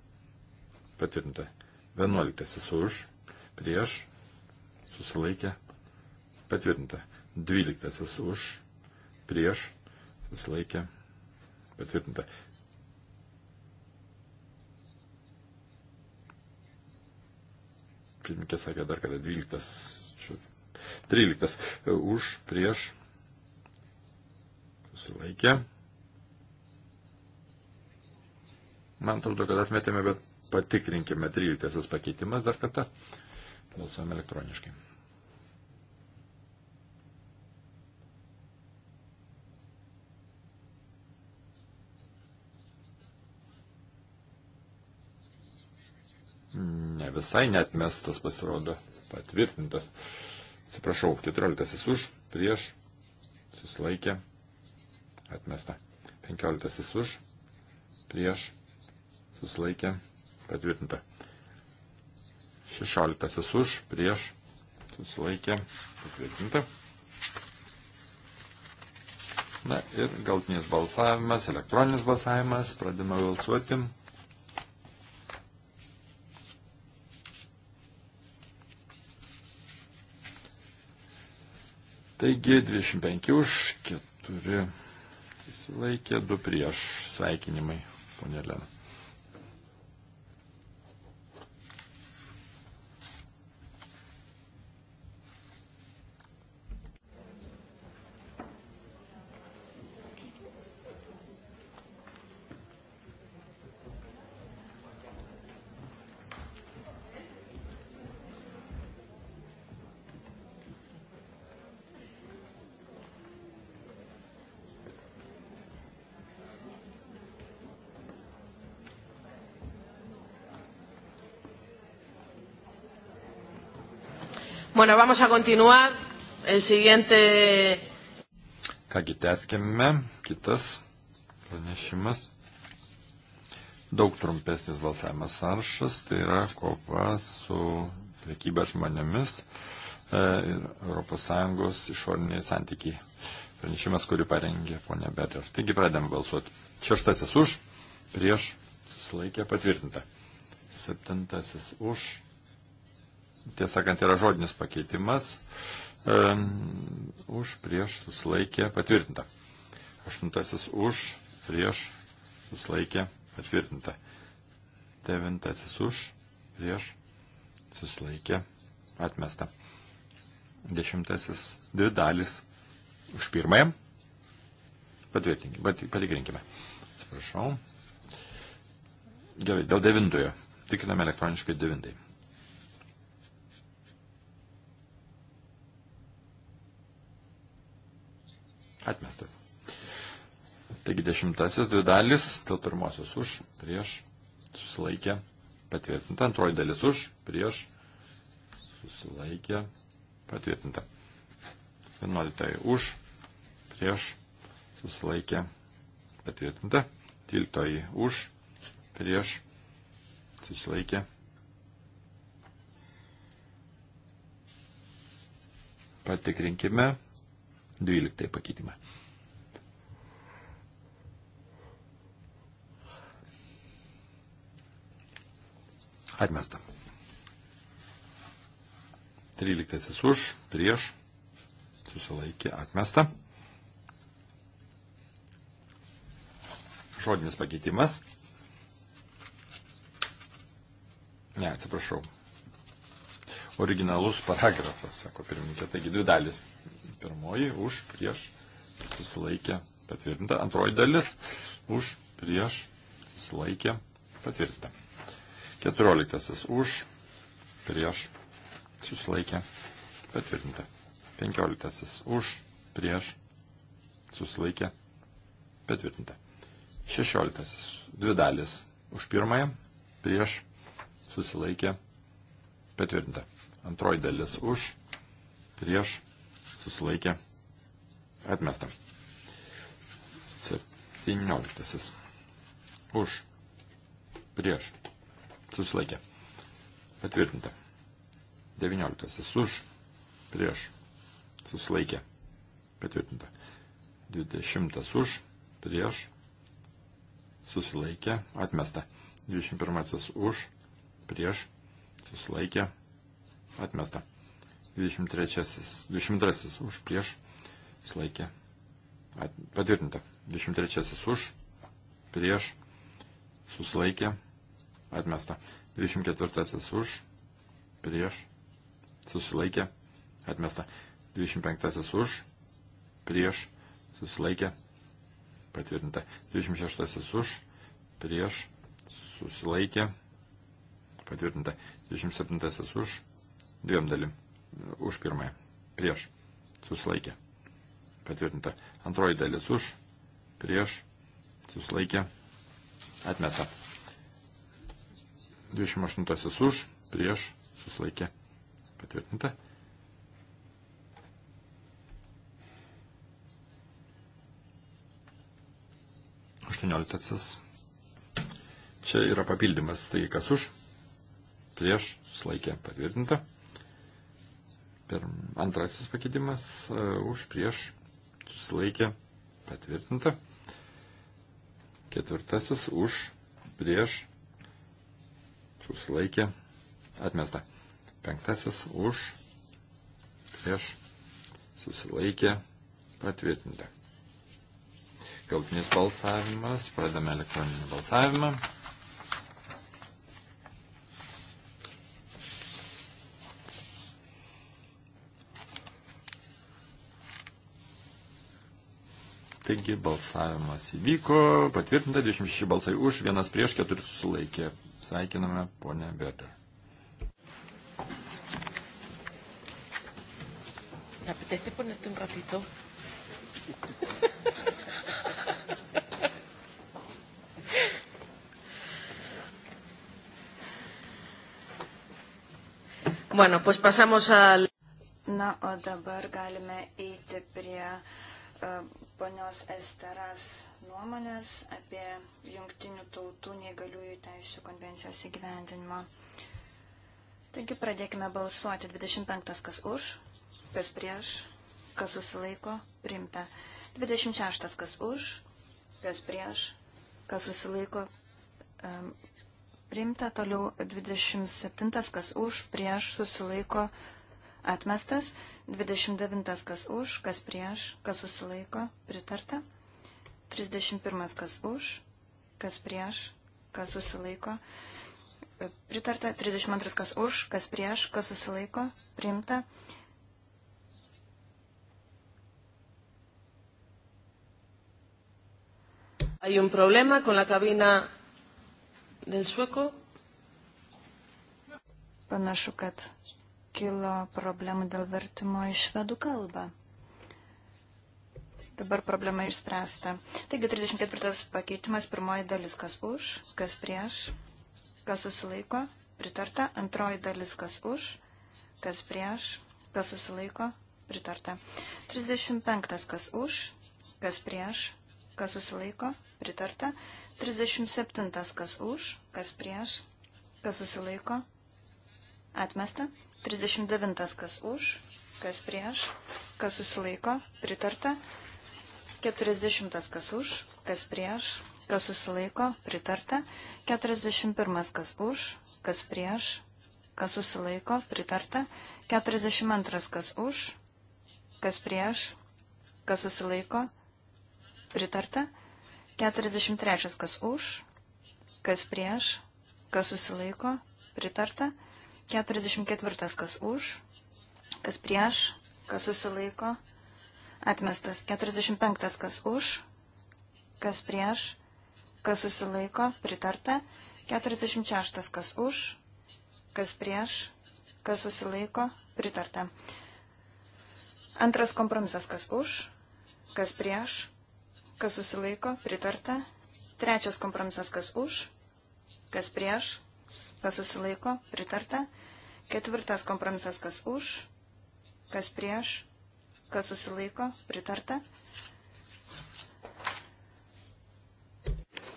patvirtinta. Vienuoliktasis už, prieš, susilaikė, Patvirtinta. Dvyliktasis už, prieš, susilaikė. Patvirtinta. Pirmininkė sakė dar kada dvyliktas, tryliktas už, prieš, susilaikė. Man atrodo, kad atmetėme, bet patikrinkime 13 pakeitimas dar kartą. Balsuojame elektroniškai. Ne visai netmestas pasirodo, patvirtintas. Atsiprašau, 14 už, prieš, susilaikė, atmesta. 15 už, prieš, susilaikė, patvirtinta. 16 už, prieš, susilaikė, patvirtinta. Na ir galtinis balsavimas, elektroninis balsavimas, pradėjome balsuoti. Taigi 25 už 4 susilaikė, 2 prieš sveikinimai, ponė Lena. Bueno, vamos a continuar. El siguiente. Kągi tęskime, kitas pranešimas. Daug trumpesnis balsavimas sąrašas, tai yra kova su prekyba žmonėmis e, ir ES išoriniai santykiai. Pranešimas, kurį parengė ponė Berger. Taigi pradėm balsuoti. Šeštasis už, prieš, susilaikė patvirtinta. Septintasis už, tiesąkant, yra žodinis pakeitimas. Um, už prieš susilaikė patvirtinta. Aštuntasis už prieš susilaikė patvirtinta. Devintasis už prieš susilaikė atmesta. Dešimtasis dvi dalis už pirmąją. Patikrinkime. Atsiprašau. Gerai, dėl devintojo. Tikriname elektroniškai devintai. Atmesta. Taigi dešimtasis dvi dalis, dėl pirmosios už, prieš, susilaikė, patvirtinta. Antroji dalis už, prieš, susilaikė, patvirtinta. Vienuoliktai už, prieš, susilaikė, patvirtinta. Dvyliktoji už, prieš, susilaikė. Patikrinkime. 12 pakeitimą. Atmesta. 13 už, prieš, susilaikė, atmesta. Žodinis pakeitimas. Ne, atsiprašau. Originalus paragrafas, sako pirmininkė, taigi dvi dalis. Pirmoji už prieš susilaikė patvirtinta. Antroji dalis už prieš susilaikė patvirtinta. Keturioliktasis už prieš susilaikė patvirtinta. Penkioliktasis už prieš susilaikė patvirtinta. Šešioliktasis dvi dalis už pirmąją prieš susilaikė patvirtinta. Antroji dalis už prieš susilaikė, atmesta. 17. Už, prieš, susilaikė, patvirtinta. 19. Už, prieš, susilaikė, patvirtinta. 20. Už, prieš, susilaikė, atmesta. 21. Už, prieš, susilaikė, atmesta. 23, 22 už prieš išlaikė. Patvirtinta. 23 už prieš susilaikė. Atmesta. 24 už prieš susilaikė. Atmesta. 25 už prieš susilaikė. Patvirtinta. 26 už prieš susilaikė. Patvirtinta. 27 už dviem dalim už pirmąją, prieš, susilaikė, patvirtinta. Antroji dalis už, prieš, susilaikė, atmesta. 28 už, prieš, susilaikė, patvirtinta. Aštuonioliktasis. Čia yra papildymas, tai kas už, prieš, susilaikė, patvirtinta. Pirm, antrasis pakeitimas e, už prieš susilaikė patvirtinta. Ketvirtasis už prieš susilaikė atmesta. Penktasis už prieš susilaikė patvirtinta. Galtinis balsavimas, pradame elektroninį balsavimą. Taigi balsavimas įvyko, patvirtinta 26 balsai už, vienas prieš, keturi sulaikė. Sveikiname ponę Berder. ¿Te apetece ponerte un ratito? Bueno, pues pasamos al. Na, o dabar galime eiti prie E, ponios Esteras nuomonės apie jungtinių tautų neįgaliųjų teisų konvencijos įgyvendinimą. Taigi pradėkime balsuoti. 25. kas už, kas prieš, kas susilaiko, primta. 26. kas už, kas prieš, kas susilaiko, um, e, primta. Toliau 27. kas už, prieš, susilaiko, atmestas. 29 kas už, kas prieš, kas susilaiko, pritarta. 31 kas už, kas prieš, kas susilaiko, pritarta. 32 kas už, kas prieš, kas susilaiko, priimta. Hay un problema con la cabina del sueco. Panašu, kad kilo problemų dėl vertimo į švedų kalbą. Dabar problema išspręsta. Taigi 34 pakeitimas, pirmoji dalis, kas už, kas prieš, kas susilaiko, pritarta, antroji dalis, kas už, kas prieš, kas susilaiko, pritarta. 35, kas už, kas prieš, kas susilaiko, pritarta. 37, kas už, kas prieš, kas susilaiko, atmesta. 39 kas už, kas prieš, kas susilaiko, pritarta. 40 kas už, kas prieš, kas susilaiko, pritarta. 41 kas už, kas prieš, kas susilaiko, pritarta. 42 kas už, kas prieš, kas susilaiko, pritarta. 43 kas už, kas prieš, kas susilaiko, pritarta. 44 kas už, kas prieš, kas susilaiko, atmestas. 45 kas už, kas prieš, kas susilaiko, pritarta. 46 kas už, kas prieš, kas susilaiko, pritarta. Antras kompromisas kas už, kas prieš, kas susilaiko, pritarta. Trečias kompromisas kas už, kas prieš, kas susilaiko, pritarta. Ketvirtas kompromisas, kas už, kas prieš, kas susilaiko, pritarta.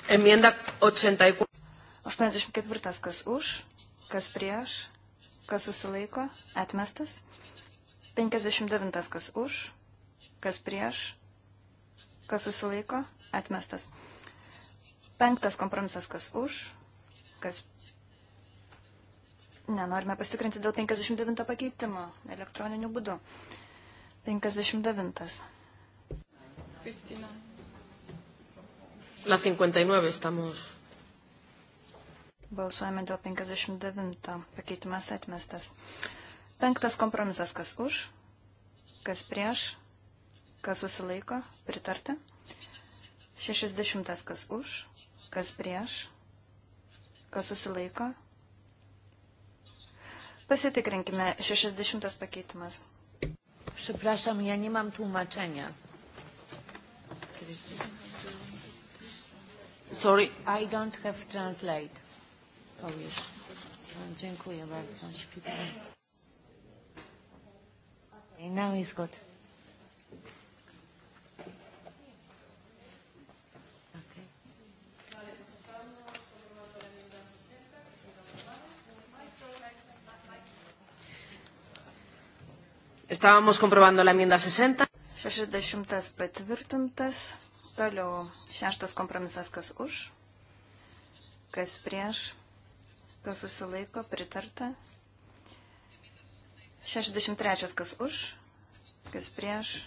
Enmienda 84. 84. Kas už, kas prieš, kas susilaiko, atmestas. 59. Kas už, kas prieš, kas susilaiko, atmestas. Penktas kompromisas, kas už, kas Nenorime pasikrinti dėl 59 pakeitimo elektroniniu būdu. 59. La 59 estamos. Balsuojame dėl 59. Pakeitimas atmestas. Penktas kompromisas. Kas už? Kas prieš? Kas susilaiko? Pritarta. 60. Kas už? Kas prieš? Kas susilaiko? Pasitikrinkime 60 pakeitimas. Przepraszam, ja nie mam tłumaczenia. Sorry. I don't have translate. Polish. Dziękuję bardzo. Śpiewam. Now is good. Estábamos comprobando la enmienda 60. 60 patvirtintas. Toliau šeštas kompromisas, kas už, kas prieš, kas susilaiko, pritarta. 63 kas už, kas prieš,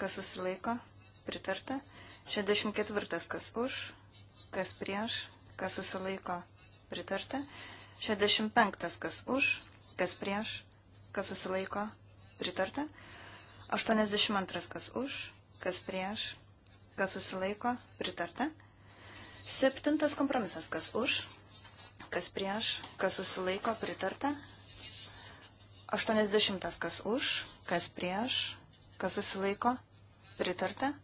kas susilaiko, pritarta. 64 kas už, kas prieš, kas susilaiko, pritarta. 65 kas už, kas prieš, kas susilaiko, pritarta pritarta. 82 kas už, kas prieš, kas susilaiko, pritarta. Septintas kompromisas kas už, kas prieš, kas susilaiko, pritarta. 80 kas už, kas prieš, kas susilaiko, pritarta.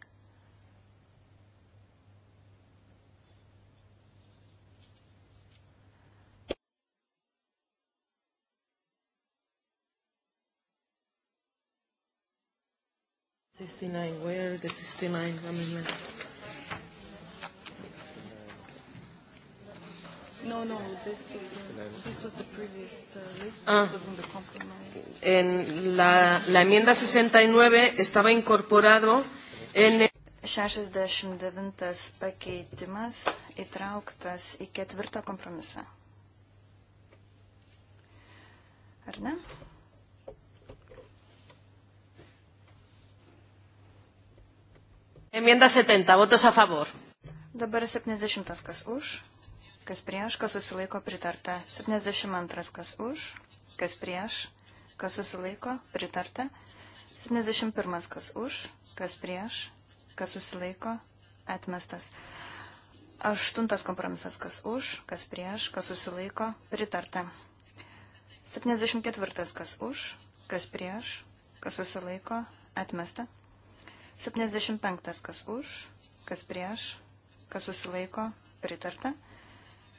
69, where the 69 amendment? No, no, this was, uh, this was the previous uh, list. Ah. This was in the compromise. En la, la enmienda 69 estaba incorporado en el... 69 pakeitimas įtrauktas į ketvirtą kompromisą. Ar ne? Enmienda 70. Votos a favor. Dabar 70. Kas už, kas prieš, kas susilaiko pritarta. 72. Kas už, kas prieš, kas susilaiko pritarta. 71. Kas už, kas prieš, kas susilaiko atmestas. Aštuntas kompromisas, kas už, kas prieš, kas susilaiko, pritarta. 74. kas už, kas prieš, kas susilaiko, atmesta. 75. Kas už, kas prieš, kas susilaiko, pritarta.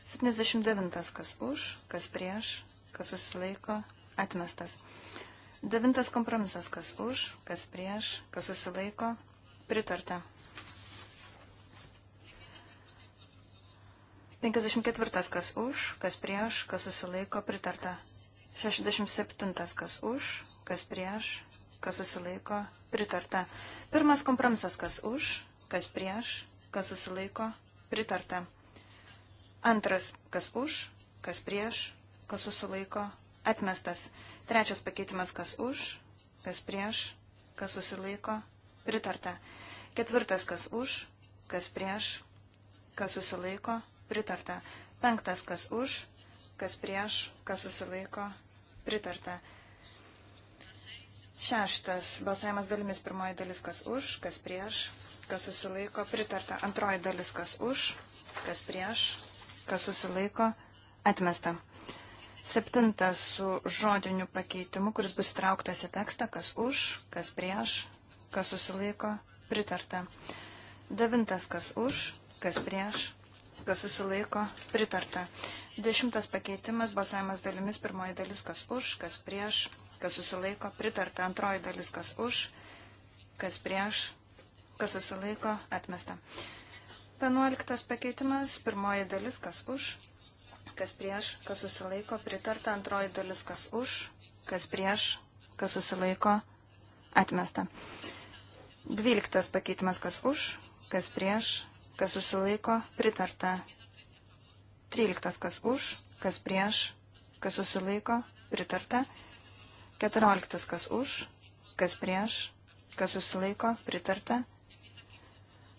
79. Kas už, kas prieš, kas susilaiko, atmestas. 9. Kompromisas. Kas už, kas prieš, kas susilaiko, pritarta. 54. Kas už, kas prieš, kas susilaiko, pritarta. 67. Kas už, kas prieš, kas susilaiko, pritarta. Pirmas kompromisas, kas už, kas prieš, kas susilaiko, pritarta. Antras, kas už, kas prieš, kas susilaiko, atmestas. Trečias pakeitimas, kas už, kas prieš, kas susilaiko, pritarta. Ketvirtas, kas už, kas prieš, kas susilaiko, pritarta. Penktas, kas už, kas prieš, kas susilaiko, pritarta. Šeštas. Balsavimas dalimis. Pirmoji dalis kas už, kas prieš, kas susilaiko. Pritarta. Antroji dalis kas už, kas prieš, kas susilaiko. Atmesta. Septintas su žodiniu pakeitimu, kuris bus įtrauktas į tekstą, kas už, kas prieš, kas susilaiko, pritarta. Devintas, kas už, kas prieš, kas susilaiko, pritarta. Dešimtas pakeitimas, balsavimas dalimis, pirmoji dalis, kas už, kas prieš, kas susilaiko, pritarta. Antroji dalis, kas už, kas prieš, kas susilaiko, atmesta. Vienuoliktas pakeitimas, pirmoji dalis, kas už, kas prieš, kas susilaiko, pritarta. Antroji dalis, kas už, kas prieš, kas susilaiko, atmesta. Dvyliktas pakeitimas, kas už, kas prieš, kas susilaiko, pritarta. Tryliktas, kas už, kas prieš, kas susilaiko, pritarta. 14. Kas už, kas prieš, kas susilaiko, pritarta.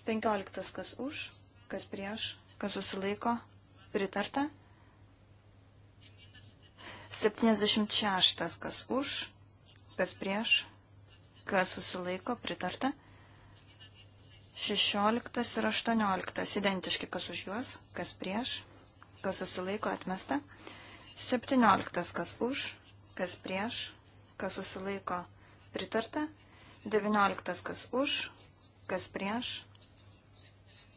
15. Kas už, kas prieš, kas susilaiko, pritarta. 76. Kas už, kas prieš, kas susilaiko, pritarta. 16 ir 18. Identiški, kas už juos, kas prieš, kas susilaiko, atmesta. 17. Kas už, kas prieš, kas susilaiko pritarta, 19 kas už, kas prieš.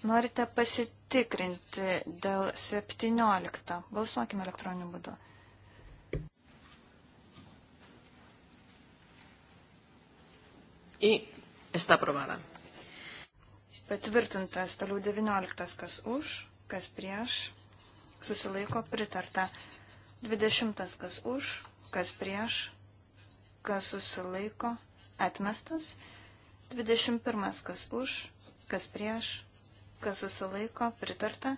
Norite pasitikrinti dėl 17. Balsuokime elektroniniu būdu. Į está aprobada. Patvirtintas toliau 19, kas už, kas prieš, susilaiko pritarta. 20, kas už, kas prieš, kas susilaiko, atmestas. 21. Kas už, kas prieš, kas susilaiko, pritarta.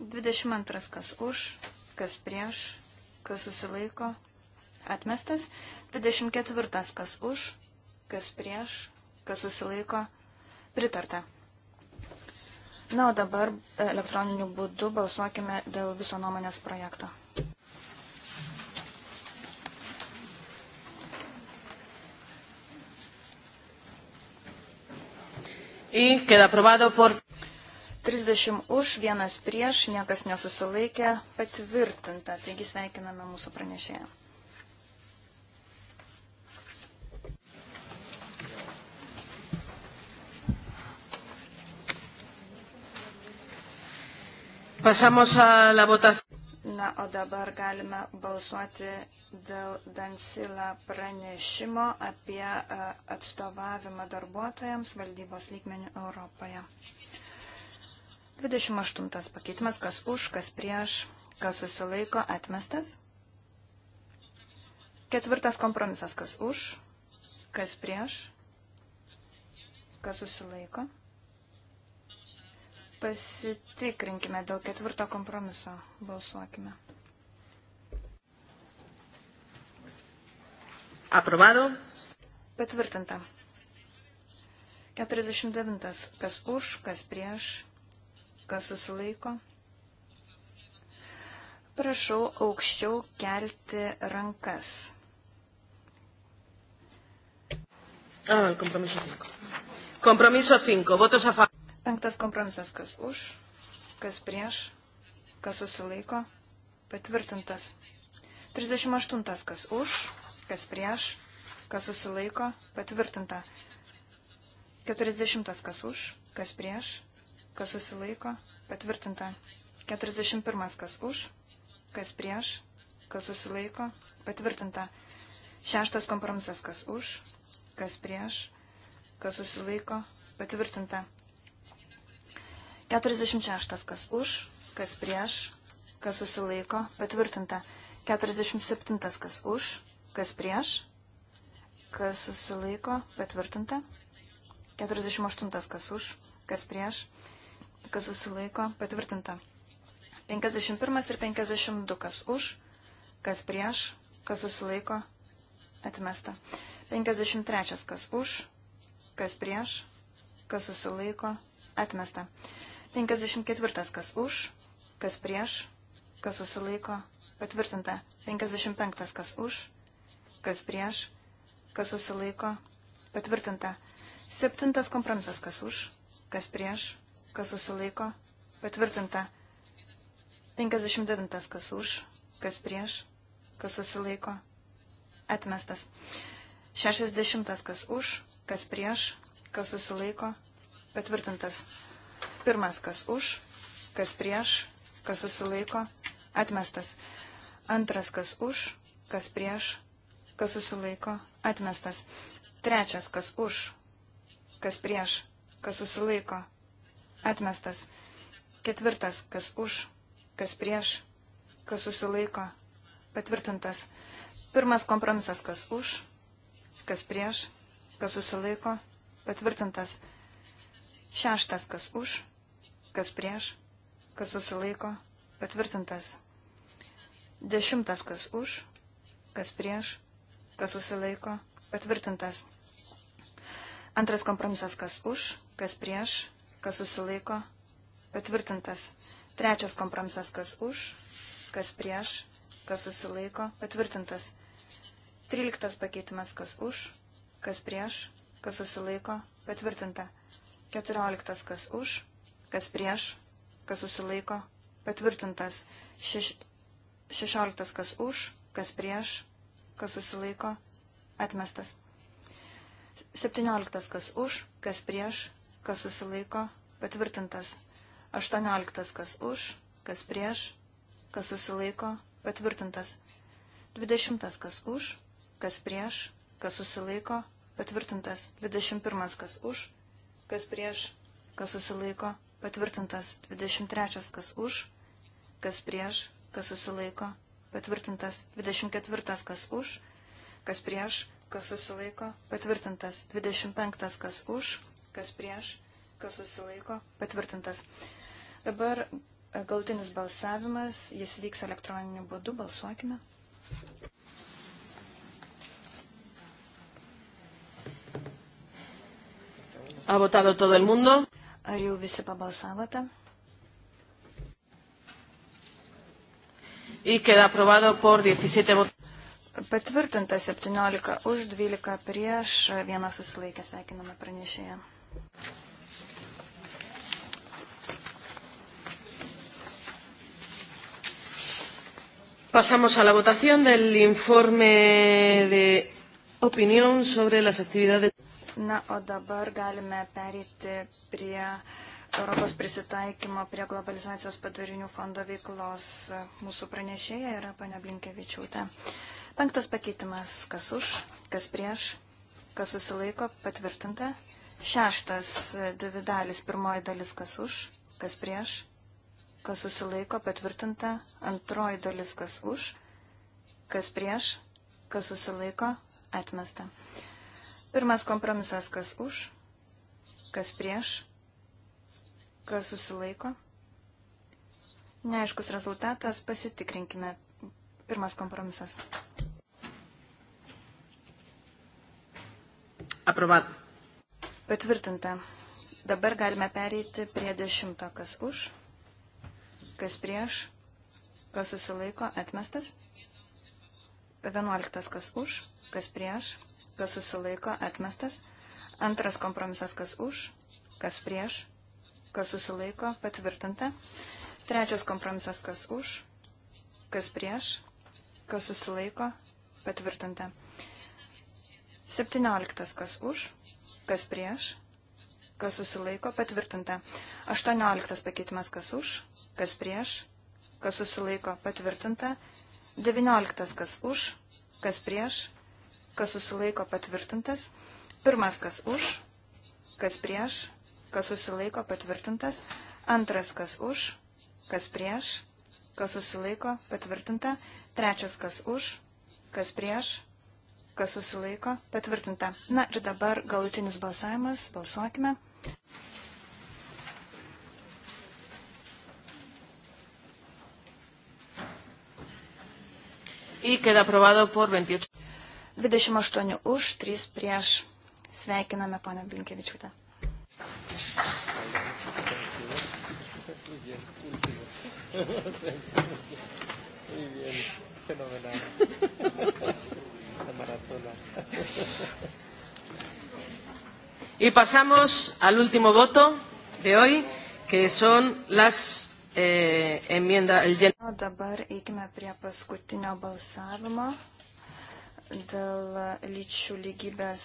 22. Kas už, kas prieš, kas susilaiko, atmestas. 24. Kas už, kas prieš, kas susilaiko, pritarta. Na, o dabar elektroniniu būdu balsuokime dėl viso nuomonės projekto. y queda aprobado por 30 už, vienas prieš, niekas nesusilaikė, patvirtinta. Taigi sveikiname mūsų pranešėją. Pasamos a la votación. Na, o dabar galime balsuoti dėl Dansila pranešimo apie e, atstovavimą darbuotojams valdybos lygmenių Europoje. 28 pakeitimas, kas už, kas prieš, kas susilaiko, atmestas. Ketvirtas kompromisas, kas už, kas prieš, kas susilaiko, atmestas Pasitikrinkime dėl ketvirto kompromiso. Balsuokime. Aprobado. Patvirtinta. 49. Kas už, kas prieš, kas susilaiko. Prašau aukščiau kelti rankas. Ah, el compromiso 5. Compromiso 5. Votos a favor. Penktas kompromisas, kas už, kas prieš, kas susilaiko, patvirtintas. 38, kas už, kas prieš, kas susilaiko, patvirtinta. 40, kas už, kas prieš, kas susilaiko, patvirtinta. 41, kas už, kas prieš, kas susilaiko, patvirtinta. Šeštas kompromisas, kas už, kas prieš, kas susilaiko, patvirtinta. 46. Kas už, kas prieš, kas susilaiko, patvirtinta. 47. Kas už, kas prieš, kas susilaiko, patvirtinta. 48. Kas už, kas prieš, kas susilaiko, patvirtinta. 51 ir 52. Kas už, kas prieš, kas susilaiko, atmesta. 53. Kas už, kas prieš, kas susilaiko, atmesta. 54. Kas už, kas prieš, kas susilaiko, patvirtinta. 55. Kas už, kas prieš, kas susilaiko, patvirtinta. 7. Kompromisas. Kas už, kas prieš, kas susilaiko, patvirtinta. 59. Kas už, kas prieš, kas susilaiko, atmestas. 60. Kas už, kas prieš, kas susilaiko, patvirtintas. Pirmas, kas už, kas prieš, kas susilaiko, atmestas. Antras, kas už, kas prieš, kas susilaiko, atmestas. Trečias, kas už, kas prieš, kas susilaiko, atmestas. Ketvirtas, kas už, kas prieš, kas susilaiko, patvirtintas. Pirmas kompromisas, kas už, kas prieš, kas susilaiko, patvirtintas. Šeštas, kas už, kas prieš, kas susilaiko, patvirtintas. Dešimtas, kas už, kas prieš, kas susilaiko, patvirtintas. Antras kompromisas, kas už, kas prieš, kas susilaiko, patvirtintas. Trečias kompromisas, kas už, kas prieš, kas susilaiko, patvirtintas. Tryliktas pakeitimas, kas už, kas prieš, kas susilaiko, patvirtinta. Keturioliktas, kas už, kas prieš, kas susilaiko, patvirtintas. Šeš, 16 kas už, kas prieš, kas susilaiko, atmestas. 17 kas už, kas prieš, kas susilaiko, patvirtintas. 18 kas už, kas prieš, kas susilaiko, patvirtintas. 20 kas už, kas prieš, kas susilaiko, patvirtintas. 21 kas už, kas prieš, kas susilaiko, patvirtintas 23, kas už, kas prieš, kas susilaiko, patvirtintas 24, kas už, kas prieš, kas susilaiko, patvirtintas 25, kas už, kas prieš, kas susilaiko, patvirtintas. Dabar e, galtinis balsavimas, jis vyks elektroniniu būdu, balsuokime. ¿Ha votado todo el mundo? Ar jau visi pabalsavote? Y queda aprobado por 17 votos. Patvirtinta 17 už 12 prieš, vienas susilaikęs sveikiname pranešėją. Pasamos a la votación del informe de opinión sobre las actividades. Na, o dabar galime pereiti prie Europos prisitaikymo prie globalizacijos padarinių fondo veiklos. Mūsų pranešėja yra pane Blinkevičiūtė. Penktas pakeitimas, kas už, kas prieš, kas susilaiko, patvirtinta. Šeštas dvi dalis, pirmoji dalis, kas už, kas prieš, kas susilaiko, patvirtinta. Antroji dalis, kas už, kas prieš, kas susilaiko, atmesta. Pirmas kompromisas, kas už, kas prieš, kas susilaiko. Neaiškus rezultatas, pasitikrinkime. Pirmas kompromisas. Aprobado. Patvirtinta. Dabar galime pereiti prie dešimto, kas už, kas prieš, kas susilaiko, atmestas. Vienuoliktas, kas už, kas prieš, kas susilaiko, atmestas. Antras kompromisas, kas už, kas prieš, kas susilaiko, patvirtinta. Trečias kompromisas, kas už, kas prieš, kas susilaiko, patvirtinta. Septynioliktas, kas už, kas prieš, kas susilaiko, patvirtinta. Aštuonioliktas pakeitimas, kas už, kas prieš, kas susilaiko, patvirtinta. Devynioliktas, kas už, kas prieš, kas susilaiko patvirtintas, pirmas kas už, kas prieš, kas susilaiko patvirtintas, antras kas už, kas prieš, kas susilaiko patvirtinta, trečias kas už, kas prieš, kas susilaiko patvirtinta. Na ir dabar galutinis balsavimas, balsuokime. y queda aprobado por 28. 28 už, 3 prieš. Sveikiname, ponė Blinkevičiūtė. Muy bien, fenomenal. La maratona. Y pasamos al último voto de hoy, que son las eh, enmiendas. El... Dabar eikime prie paskutinio balsavimo dėl lyčių lygybės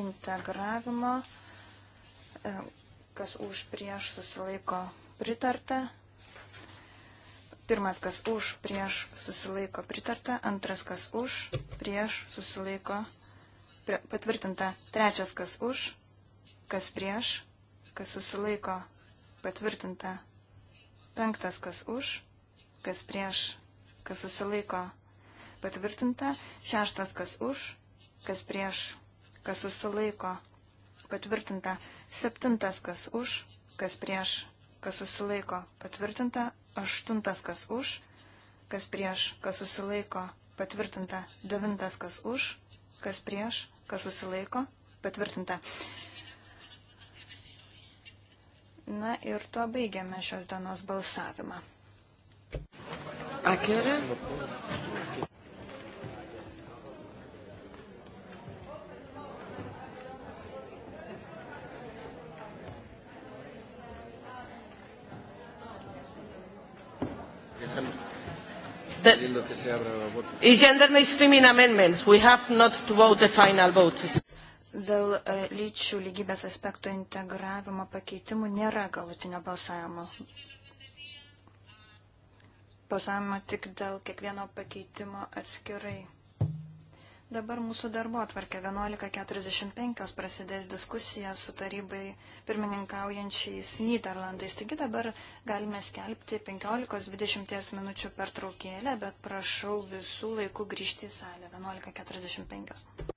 integravimo, e, kas už prieš susilaiko pritarta. Pirmas, kas už prieš susilaiko pritarta. Antras, kas už prieš susilaiko patvirtinta. Trečias, kas už, kas prieš, kas susilaiko patvirtinta. Penktas, kas už, kas prieš, kas susilaiko patvirtinta patvirtinta, šeštas kas už, kas prieš, kas susilaiko, patvirtinta, septintas kas už, kas prieš, kas susilaiko, patvirtinta, aštuntas kas už, kas prieš, kas susilaiko, patvirtinta, devintas kas už, kas prieš, kas susilaiko, patvirtinta. Na ir tuo baigiame šios dienos balsavimą. Ačiū. The, is gender mainstreaming amendments. We have not to vote the final vote. Dėl e, lyčių lygybės aspekto integravimo pakeitimų nėra galutinio balsavimo. Balsavimo tik dėl kiekvieno pakeitimo atskirai. Dabar mūsų darbo atvarkė 11.45 prasidės diskusija su tarybai pirmininkaujančiais Niderlandais. Taigi dabar galime skelbti 15-20 minučių per traukėlę, bet prašau visų laikų grįžti į salę 11.45.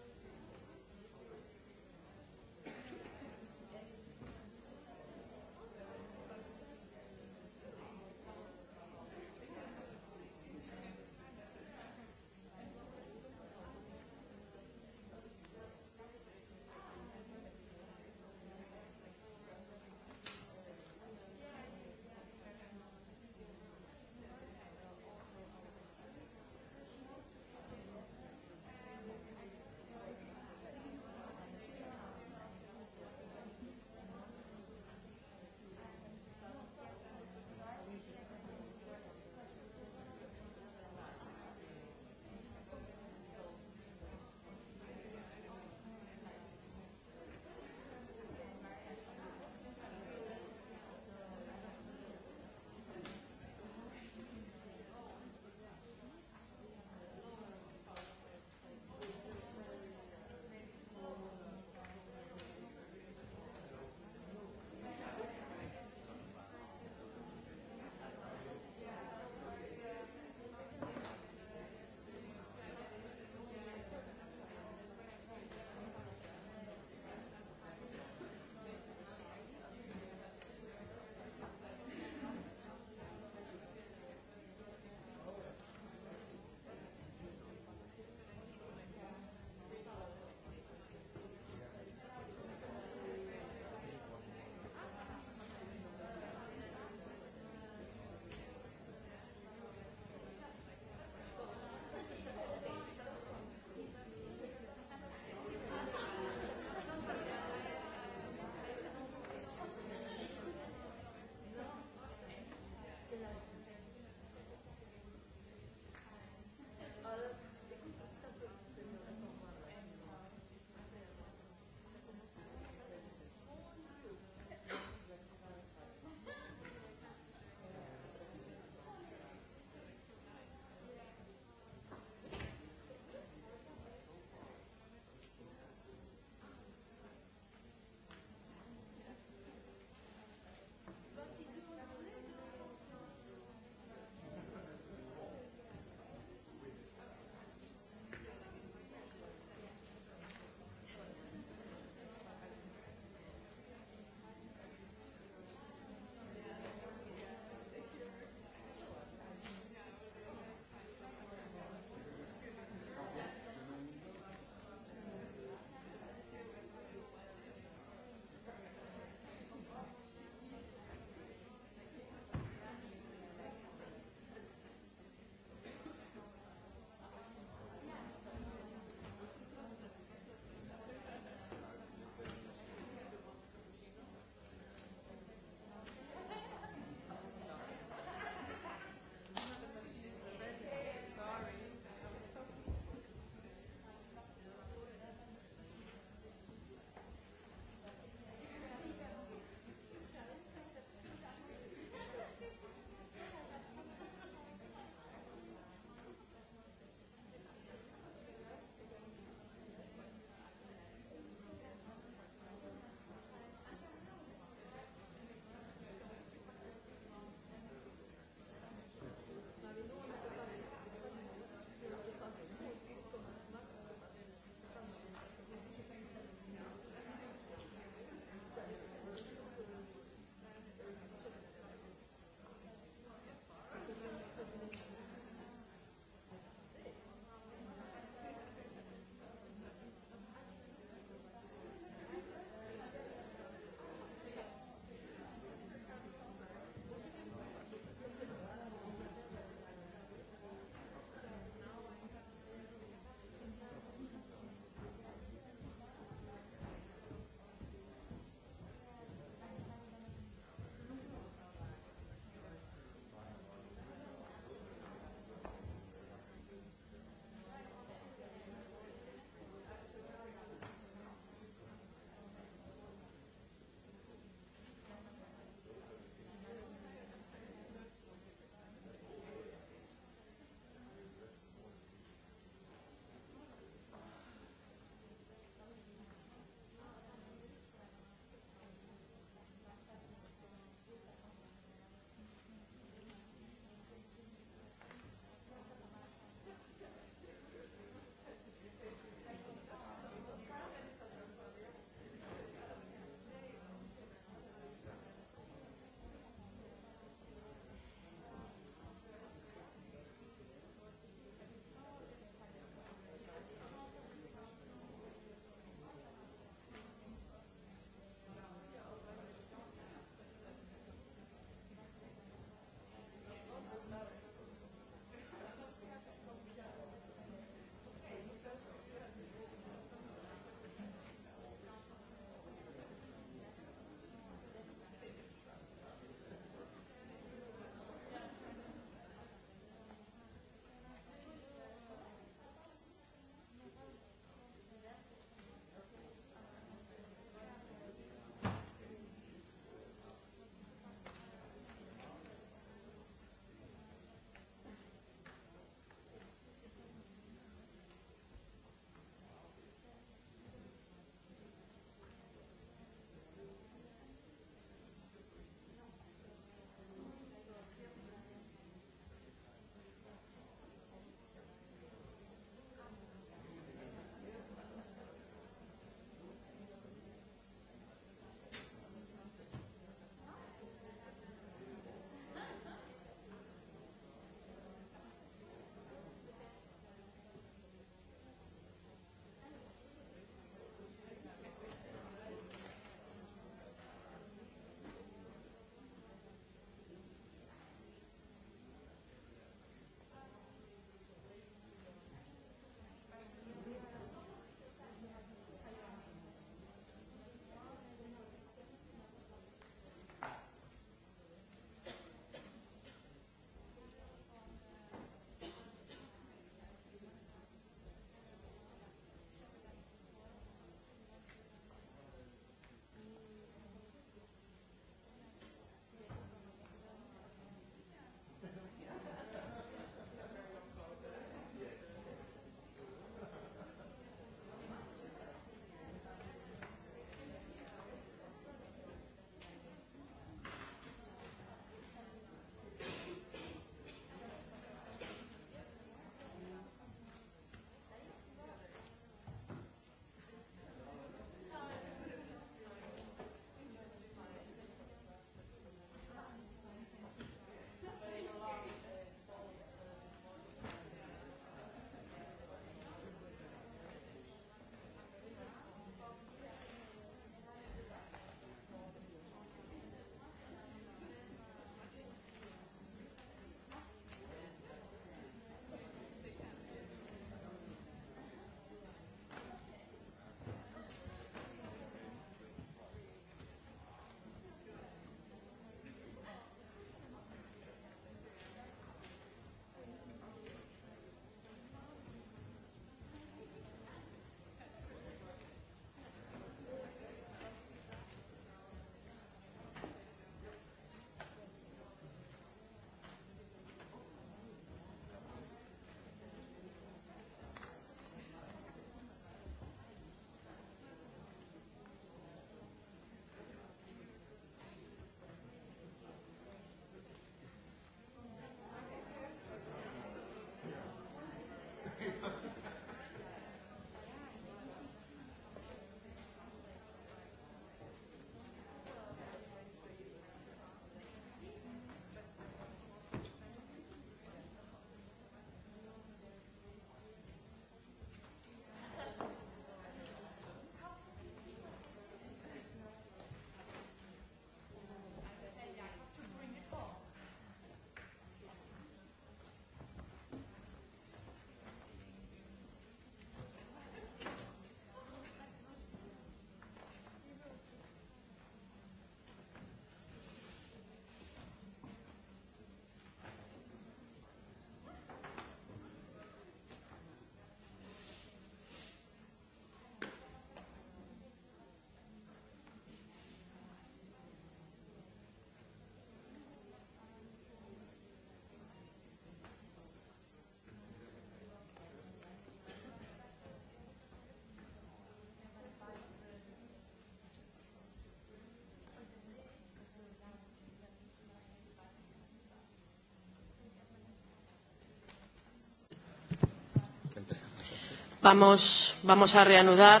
Vamos, vamos a reanudar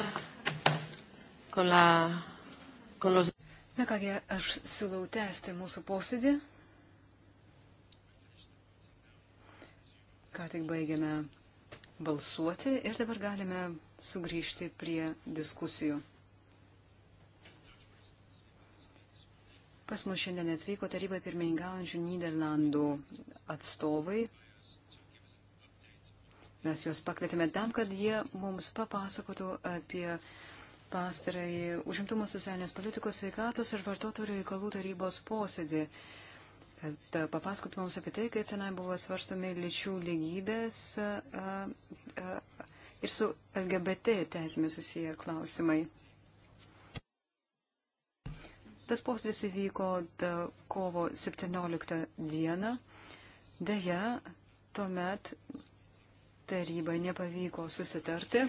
con la, con los... Na kągi, aš siūlau tęsti mūsų posėdį. Ką tik baigėme balsuoti ir dabar galime sugrįžti prie diskusijų. Pas mus šiandien atvyko tarybai pirmininkaujančių Niderlandų atstovai Mes juos pakvietėme tam, kad jie mums papasakotų apie pastarąjį užimtumo socialinės politikos sveikatos ir vartotojų reikalų tarybos posėdį. Kad papasakot mums apie tai, kaip tenai buvo svarstomi lyčių lygybės a, a, ir su LGBT teisėmis susiję klausimai. Tas posėdis įvyko da, kovo 17 dieną. Deja, tuomet tarybai nepavyko susitarti.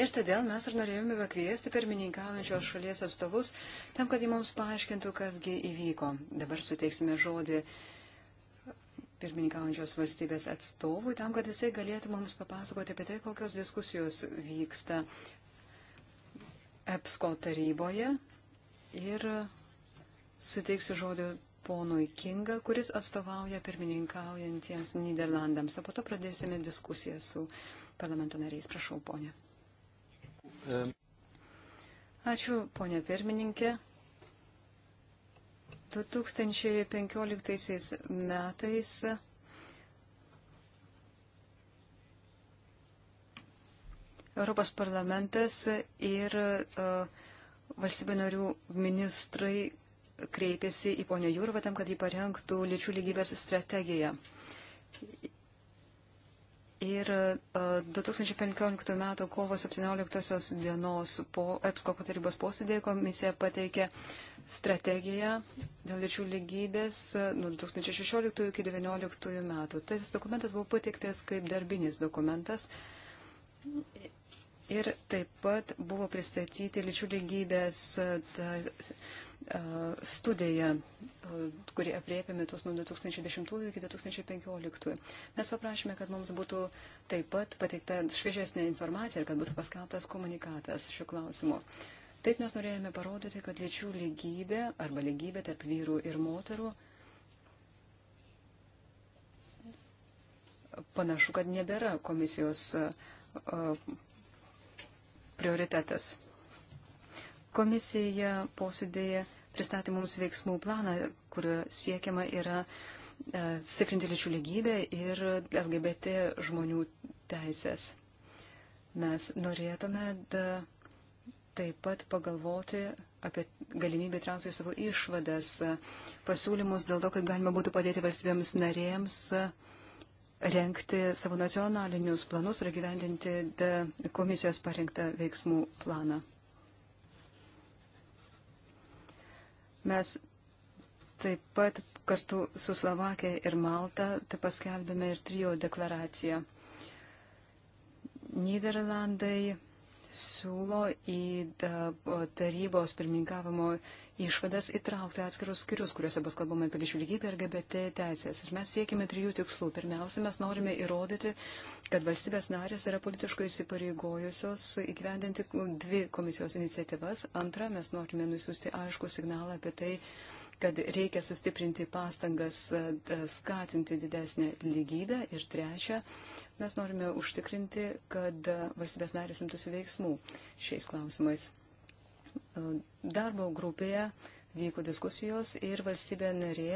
Ir todėl mes ir norėjome pakviesti pirmininkaujančios šalies atstovus, tam, kad jie mums paaiškintų, kasgi įvyko. Dabar suteiksime žodį pirmininkaujančios valstybės atstovui, tam, kad jisai galėtų mums papasakoti apie tai, kokios diskusijos vyksta EPSCO taryboje. Ir suteiksiu žodį ponui Kinga, kuris atstovauja pirmininkaujantiems Niderlandams. O po to pradėsime diskusiją su parlamento nariais. Prašau, ponė. Ačiū, ponė pirmininkė. 2015 metais Europos parlamentas ir uh, e, valstybė narių ministrai kreipėsi į ponę Jūrovą tam, kad jį parengtų lyčių lygybės strategiją. Ir 2015 e, m. kovo 17 dienos po EPSCO tarybos posėdėje komisija pateikė strategiją dėl lyčių lygybės e, nuo 2016 iki 2019 metų. Tas dokumentas buvo pateiktas kaip darbinis dokumentas ir taip pat buvo pristatyti lyčių lygybės e, studiją, kuri apriepia metus nuo 2010 iki 2015. Mes paprašėme, kad mums būtų taip pat pateikta šviežesnė informacija ir kad būtų paskelbtas komunikatas šiuo klausimu. Taip mes norėjome parodyti, kad lyčių lygybė arba lygybė tarp vyrų ir moterų panašu, kad nebėra komisijos prioritetas. Komisija posėdėje pristatė mums veiksmų planą, kurio siekiama yra e, stiprinti lyčių lygybę ir LGBT žmonių teisės. Mes norėtume da, taip pat pagalvoti apie galimybę įtraukti savo išvadas, e, pasiūlymus dėl to, kad galima būtų padėti valstybėms narėms e, renkti savo nacionalinius planus ir gyvendinti komisijos parengtą veiksmų planą. Mes taip pat kartu su Slovakija ir Malta tai paskelbėme ir trijo deklaraciją. Niderlandai siūlo į tarybos pirmininkavimo išvadas įtraukti atskirus skirius, kuriuose bus kalbama apie lyčių lygybę ir GBT teisės. Ir mes siekime trijų tikslų. Pirmiausia, mes norime įrodyti, kad valstybės narės yra politiškai įsipareigojusios įgyvendinti dvi komisijos iniciatyvas. Antra, mes norime nusiųsti aišku signalą apie tai, kad reikia sustiprinti pastangas e, skatinti didesnę lygybę. Ir trečia, mes norime užtikrinti, kad valstybės narės imtųsi veiksmų šiais klausimais. E, darbo grupėje vyko diskusijos ir valstybė narė,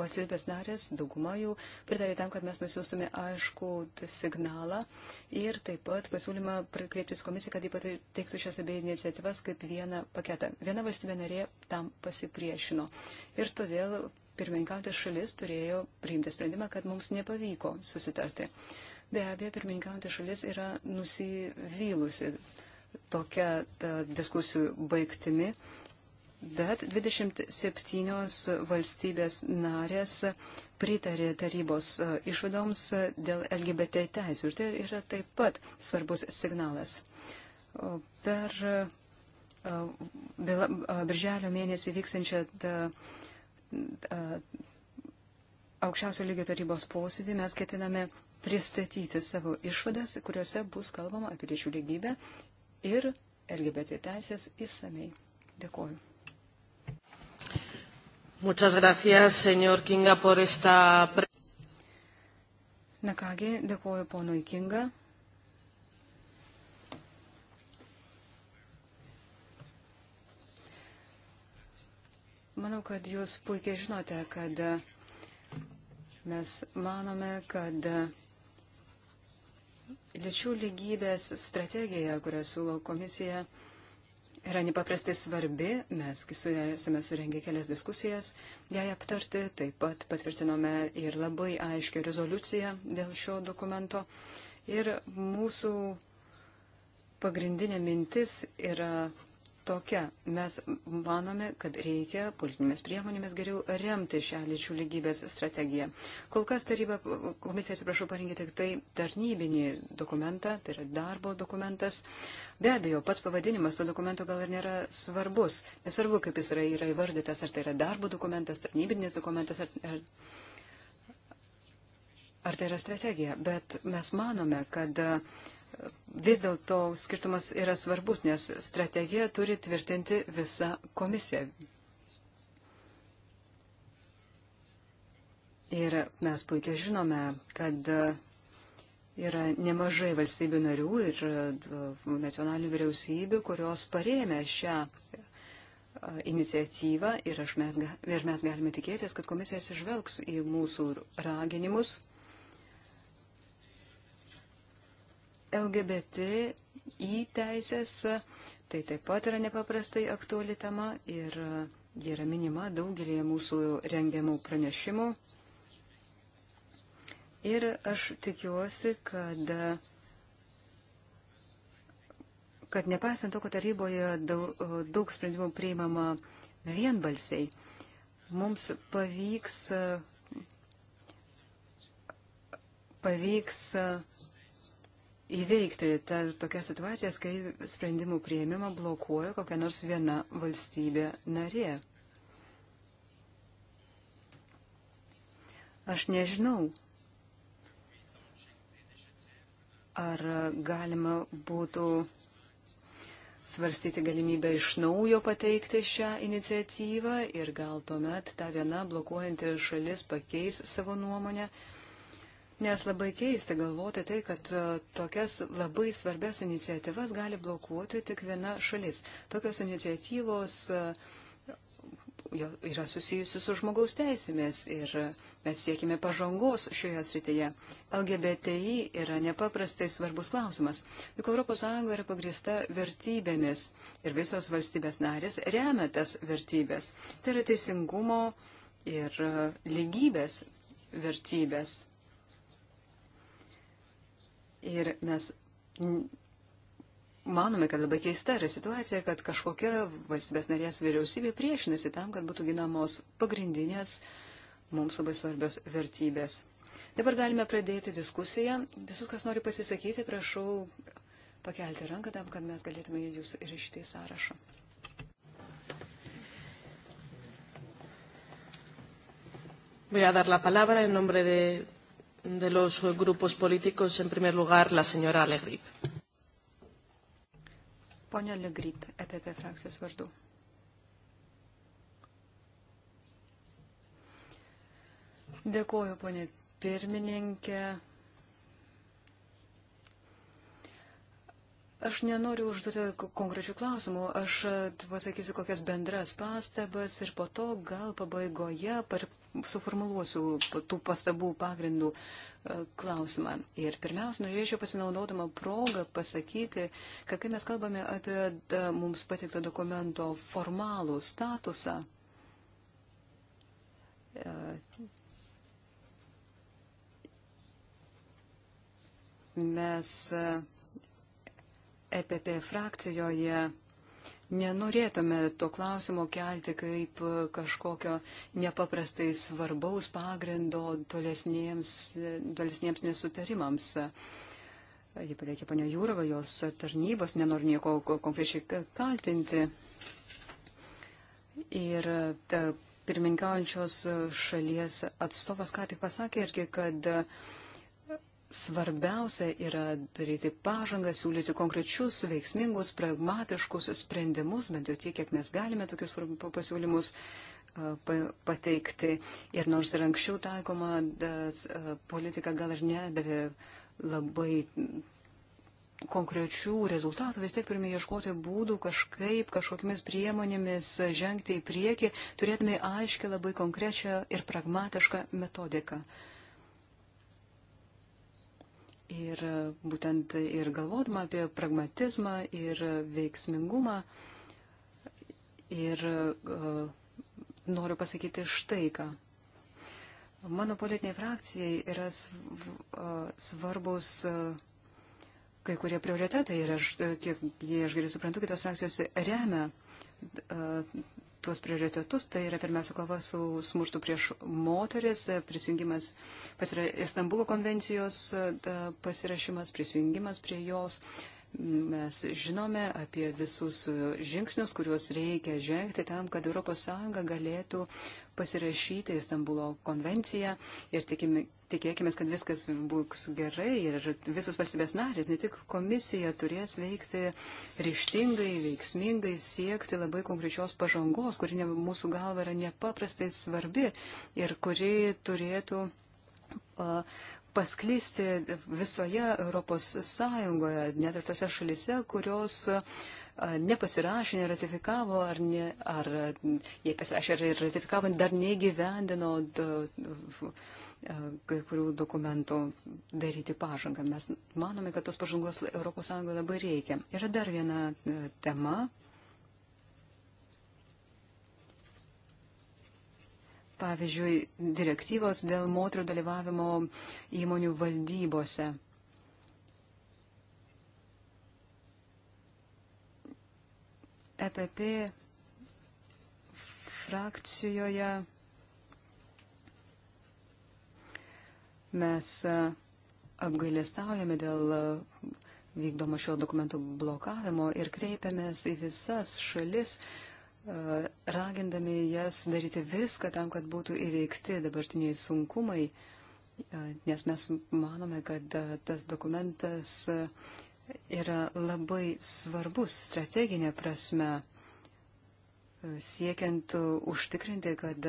valstybės narės, dauguma jų pritarė tam, kad mes nusiųstume aišku signalą ir taip pat pasiūlymą kreiptis komisiją, kad jį pateiktų šias abie iniciatyvas kaip vieną paketą. Viena valstybė narė tam pasipriešino. Ir todėl pirmininkaujantis šalis turėjo priimti sprendimą, kad mums nepavyko susitarti. Be abejo, pirmininkaujantis šalis yra nusivylusi tokia ta, diskusijų baigtimi, bet 27 valstybės narės pritarė tarybos e, išvadoms dėl LGBT teisų. Ir tai yra taip pat svarbus signalas. Per e, birželio mėnesį vyksančią aukščiausio lygio tarybos posėdį mes ketiname pristatyti savo išvadas, kuriuose bus kalbama apie lyčių lygybę ir LGBT teisės įsamei. Dėkuoju. Muchas gracias, señor Kinga, por esta. Na kągi, dėkuoju ponui Kinga. Manau, kad jūs puikiai žinote, kad mes manome, kad Lyčių lygybės strategija, kurią siūlo komisija, yra nepaprastai svarbi. Mes esame surengę kelias diskusijas jai aptarti. Taip pat patvirtinome ir labai aiškę rezoliuciją dėl šio dokumento. Ir mūsų pagrindinė mintis yra tokia. Mes manome, kad reikia politinėmis priemonėmis geriau remti šią lyčių lygybės strategiją. Kol kas taryba, komisija, atsiprašau, parengė tik tai tarnybinį dokumentą, tai yra darbo dokumentas. Be abejo, pats pavadinimas to dokumento gal ir nėra svarbus. Nesvarbu, kaip jis yra, yra įvardytas, ar tai yra darbo dokumentas, tarnybinis dokumentas. Ar, ar ar tai yra strategija, bet mes manome, kad vis dėlto skirtumas yra svarbus, nes strategiją turi tvirtinti visa komisija. Ir mes puikiai žinome, kad yra nemažai valstybių narių ir e, nacionalinių vyriausybių, kurios parėmė šią e, iniciatyvą ir, mes, ir mes galime tikėtis, kad komisija sižvelgs į mūsų raginimus LGBT į teisės, tai taip pat yra nepaprastai aktuali tema ir ji yra minima daugelį mūsų rengiamų pranešimų. Ir aš tikiuosi, kad, kad nepasant to, kad taryboje daug, daug sprendimų priimama vienbalsiai, mums pavyks, pavyks įveikti tą, tokią situaciją, kai sprendimų prieimimą blokuoja kokia nors viena valstybė narė. Aš nežinau, ar galima būtų svarstyti galimybę iš naujo pateikti šią iniciatyvą ir gal tuomet ta viena blokuojanti šalis pakeis savo nuomonę. Uh, Nes labai keista galvoti tai, kad e, tokias labai svarbias iniciatyvas gali blokuoti tik viena šalis. Tokios iniciatyvos e, yra susijusi su žmogaus teisėmis ir mes siekime pažangos šioje srityje. LGBTI yra nepaprastai svarbus klausimas, juk ES yra pagrįsta vertybėmis ir visos valstybės narės remia tas vertybės. Tai yra teisingumo ir e, lygybės vertybės. Ir mes manome, kad labai keista yra situacija, kad kažkokia valstybės narės vyriausybė priešinasi tam, kad būtų ginamos pagrindinės mums labai svarbios vertybės. Dabar galime pradėti diskusiją. Visus, kas nori pasisakyti, prašau pakelti ranką tam, kad mes galėtume jūs įrašyti į sąrašą. Voy a dar la palabra en nombre de de los grupos políticos. En primer lugar, la señora Legrip. Ponia Legrip, EPP frakcijos vardu. Dėkuoju, ponė pirmininkė. Aš nenoriu užduoti konkrečių klausimų, aš e, pasakysiu kokias bendras pastabas ir po to gal pabaigoje par, suformuluosiu tų pastabų pagrindų e, klausimą. Ir pirmiausia, norėčiau pasinaudodama progą pasakyti, kad kai mes kalbame apie e, mums patikto dokumento formalų statusą, mes. Uh, EPP frakcijoje nenorėtume to klausimo kelti kaip kažkokio nepaprastai svarbaus pagrindo tolesniems, tolesniems nesutarimams. Jie pateikė ponia Jūrova, jos tarnybos nenori nieko konkrečiai kaltinti. Ir e, pirmininkaujančios šalies atstovas ką tik pasakė irgi, kad uh, Svarbiausia yra daryti pažangą, siūlyti konkrečius, veiksmingus, pragmatiškus sprendimus, bent jau tiek, kiek mes galime tokius pasiūlymus pateikti. Ir nors ir anksčiau taikoma politika gal ir nedavė labai konkrečių rezultatų, vis tiek turime ieškoti būdų kažkaip, kažkokiamis priemonėmis žengti į priekį, turėtume aiškę labai konkrečią ir pragmatišką metodiką. Uh, Ir būtent ir galvodama apie pragmatizmą ir veiksmingumą. Ir uh, noriu pasakyti štai ką. Mano politiniai frakcijai yra sv uh, svarbus. Uh, kai kurie prioritetai ir aš, uh, kiek jie aš gerai suprantu, kitos frakcijos remia uh, tuos prioritetus. Tai yra pirmiausia kova su smurtu prieš moteris, prisijungimas, pasira, Istanbulo konvencijos pasirašymas, prisijungimas prie jos. Mes žinome apie visus žingsnius, kuriuos reikia žengti tam, kad ES galėtų pasirašyti Istanbulo konvenciją ir tikime, tikėkime, kad viskas bus gerai ir visos valstybės narės, ne tik komisija turės veikti ryštingai, veiksmingai, siekti labai konkrečios pažangos, kuri ne, mūsų galva yra nepaprastai svarbi ir kuri turėtų uh, pasklysti visoje Europos Sąjungoje, net ir tose šalise, kurios uh, nepasirašė, neratifikavo, ar, ne, ar jie pasirašė ir ratifikavo, dar negyvendino. Da, da, E, kai kurių dokumentų daryti pažangą. Mes manome, kad tos pažangos ES labai reikia. Yra dar viena e, tema. Pavyzdžiui, direktyvos dėl moterų dalyvavimo įmonių valdybose. EPP frakcijoje Mes e, apgailestaujame dėl e, vykdomo šio dokumento blokavimo ir kreipiamės į visas šalis, e, ragindami jas daryti viską tam, kad būtų įveikti dabartiniai sunkumai, nes mes manome, kad tas dokumentas yra labai svarbus strateginė prasme, siekiant užtikrinti, kad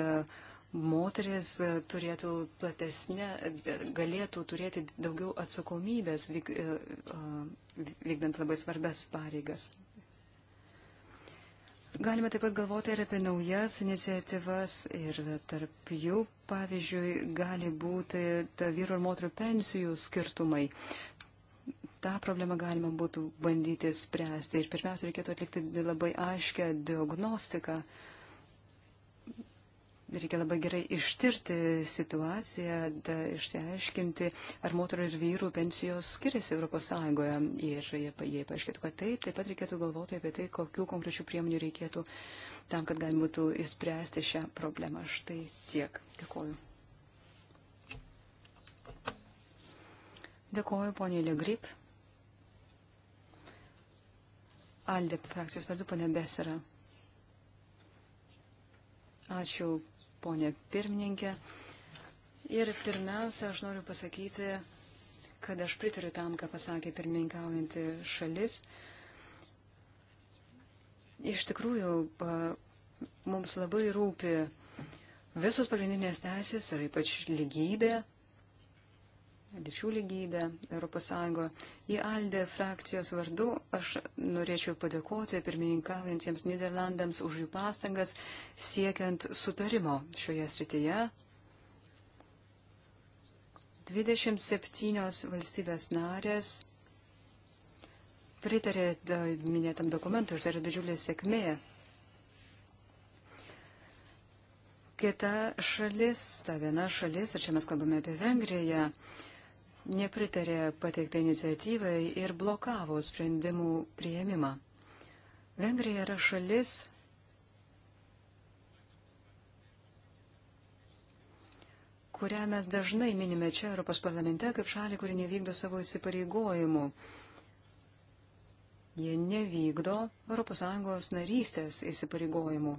moteris e, turėtų platesnė, e, galėtų turėti daugiau atsakomybės vyk, e, vykdant labai svarbės pareigas. Galime taip pat galvoti ir apie naujas iniciatyvas ir tarp jų, pavyzdžiui, gali būti vyru ir moterų pensijų skirtumai. Ta problema galima būtų bandyti spręsti ir pirmiausia reikėtų atlikti labai aiškę diagnostiką uh, reikia labai gerai ištirti situaciją, da, išsiaiškinti, ar moterų ir vyrų pensijos skiriasi ES. Ir jei paaiškėtų, kad taip, taip pat reikėtų galvoti apie tai, kokiu konkrečiu priemonių reikėtų tam, kad galima būtų įspręsti šią problemą. Štai tiek. Dėkoju. Dėkoju, ponė Legrip. Aldė frakcijos vardu, ponė Besara. Ačiū, ponė pirmininkė. Ir pirmiausia, aš noriu pasakyti, kad aš pritariu tam, ką pasakė pirmininkaujanti šalis. Iš tikrųjų, mums labai rūpi visos pagrindinės teisės ir ypač lygybė lyčių lygybę ES. Į Aldę frakcijos vardu aš norėčiau padėkoti pirmininkaujantiems Niderlandams už jų pastangas siekiant sutarimo šioje srityje. 27 valstybės narės pritarė minėtam dokumentui ir tai yra didžiulė sėkmė. Kita šalis, ta viena šalis, ir čia mes kalbame apie Vengriją, uh, nepritarė pateiktą iniciatyvai ir blokavo sprendimų prieimimą. Vengrija yra šalis, kurią mes dažnai minime čia Europos parlamente kaip šalį, kuri nevykdo savo įsipareigojimų. Jie nevykdo ES narystės įsipareigojimų.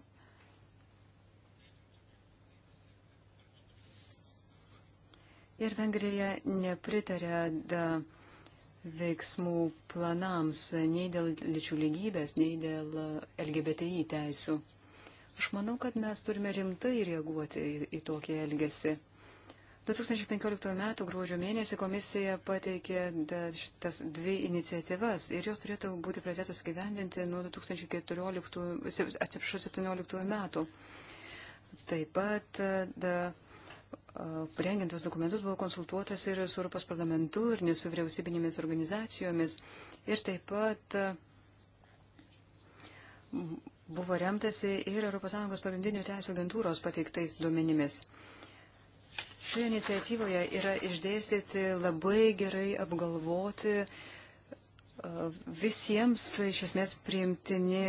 Ir Vengrija nepritarė da, veiksmų planams nei dėl lyčių lygybės, nei dėl e, LGBTI teisų. Aš manau, kad mes turime rimtai reaguoti į, į tokį elgesį. 2015 m. gruodžio mėnesį komisija pateikė šitas dvi iniciatyvas ir jos turėtų būti pradėtos gyvendinti nuo 2014, atsiprašau, 2017 metų. Taip pat da, rengiant tos dokumentus buvo konsultuotas ir su Europos parlamentu, ir nesu vyriausybinėmis organizacijomis. Ir taip pat buvo remtasi ir ES pagrindinių teisų agentūros pateiktais duomenimis. Šioje iniciatyvoje yra išdėstyti labai gerai apgalvoti visiems iš esmės priimtini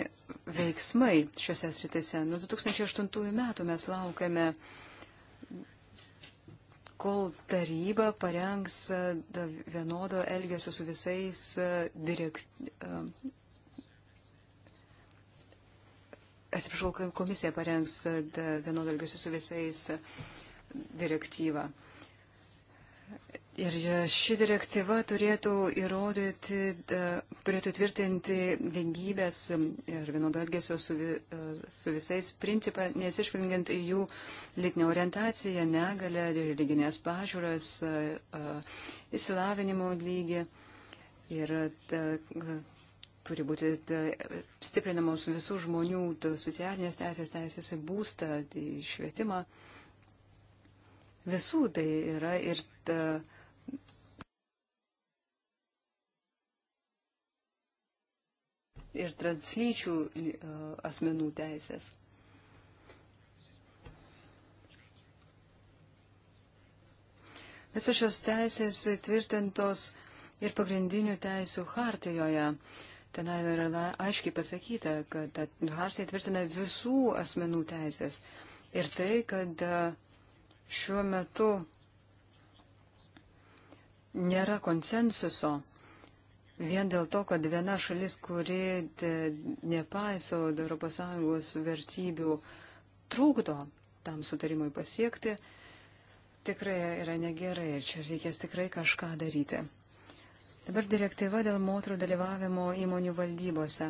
veiksmai šiuose sritise. Nuo 2008 metų mes laukiame uh, kol taryba parengs e, vienodo elgesio su visais e, direkt... E, atsiprašau, komisija parengs vienodo elgesio su visais direktyvą. Ir ši direktyva turėtų įrodyti, turėtų tvirtinti lygybės um, ir vienodo elgesio su, e, su visais principą, nes išvelgiant į jų litinę orientaciją, negalę, religinės pažiūras, įsilavinimo e, e, lygį. Ir ta, turi būti ta, stiprinamos visų žmonių socialinės teisės, teisės į būstą, į švietimą. Visų tai yra ir ta, ir translyčių e, asmenų teisės. Visos šios teisės tvirtintos ir pagrindinių teisų hartijoje. Ten yra aiškiai pasakyta, kad hartija tvirtina visų asmenų teisės. Ir tai, kad e, šiuo metu nėra konsensuso vien dėl to, kad viena šalis, kuri e, nepaiso ES vertybių, trūkdo tam sutarimui pasiekti, tikrai yra negerai ir čia reikės tikrai kažką daryti. Dabar direktyva dėl moterų dalyvavimo įmonių valdybose.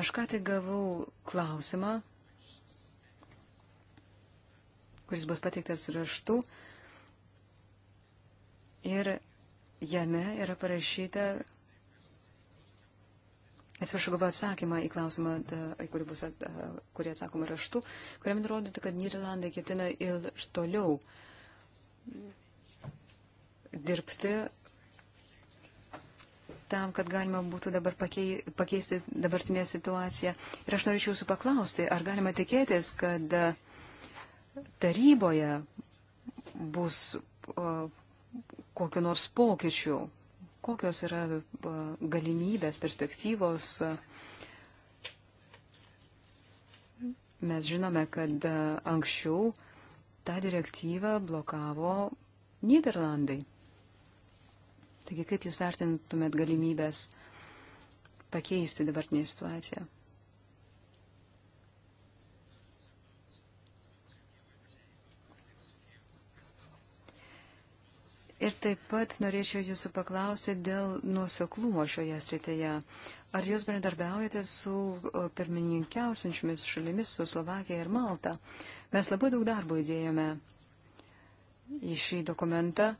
Aš ką tik gavau klausimą, kuris bus pateiktas raštu ir jame yra parašyta, Atsiprašau, gavau atsakymą į klausimą, kurį, bus, kurį atsakoma raštu, kuriame nurodyta, kad Niderlandai ketina ir toliau dirbti tam, kad galima būtų dabar pakei, pakeisti dabartinę situaciją. Ir aš norėčiau jūsų paklausti, ar galima tikėtis, kad taryboje bus kokiu nors pokyčiu kokios yra galimybės, perspektyvos. Mes žinome, kad anksčiau tą direktyvą blokavo Niderlandai. Taigi kaip Jūs vertintumėt galimybės pakeisti dabartinį situaciją? taip pat norėčiau jūsų paklausti dėl nuoseklumo šioje srityje. Ar jūs bendradarbiaujate su pirmininkiausiančiomis šalimis, su Slovakija ir Malta? Mes labai daug darbo įdėjome į šį dokumentą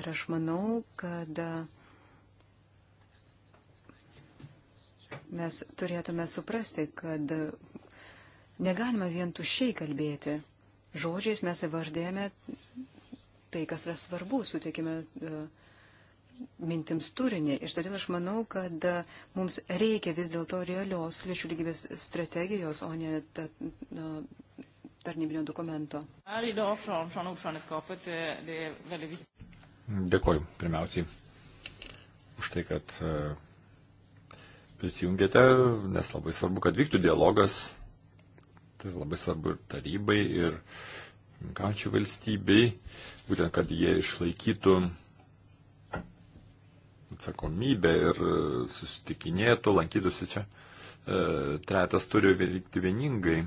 ir aš manau, kad mes turėtume suprasti, kad negalima vien tušiai kalbėti. Žodžiais mes įvardėjame tai, kas yra svarbu, suteikime e, mintims turinį. Ir todėl aš manau, kad e, mums reikia vis dėlto realios lyčių lygybės strategijos, o ne ta, tarnybinio dokumento. Dėkoju pirmiausiai už tai, kad e, prisijungėte, nes labai svarbu, kad vyktų dialogas. Tai labai svarbu ir tarybai, ir uh, pirmkaučių valstybei, būtent kad jie išlaikytų atsakomybę ir susitikinėtų, lankytųsi čia. E, Tretas turi veikti vieningai,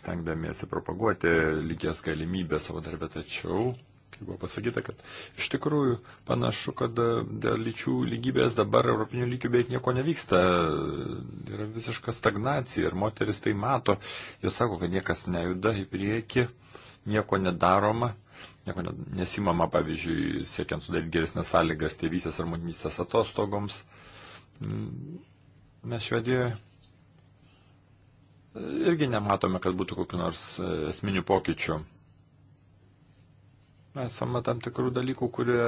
stengdamiesi propaguoti lygias galimybės savo darbę, tačiau kai buvo pasakyta, kad iš tikrųjų panašu, kad e, dėl lyčių lygybės dabar europinių lygių beveik nieko nevyksta. Yra visiška stagnacija ir moteris tai mato. Jos sako, kad niekas nejuda į priekį, nieko nedaroma, nieko nesimama, pavyzdžiui, siekiant sudaryti geresnės sąlygas tėvysės ar motinystės atostogoms. Mm, mes švedijoje irgi nematome, kad būtų kokiu nors e, esminių pokyčių esama tam tikrų dalykų, kurie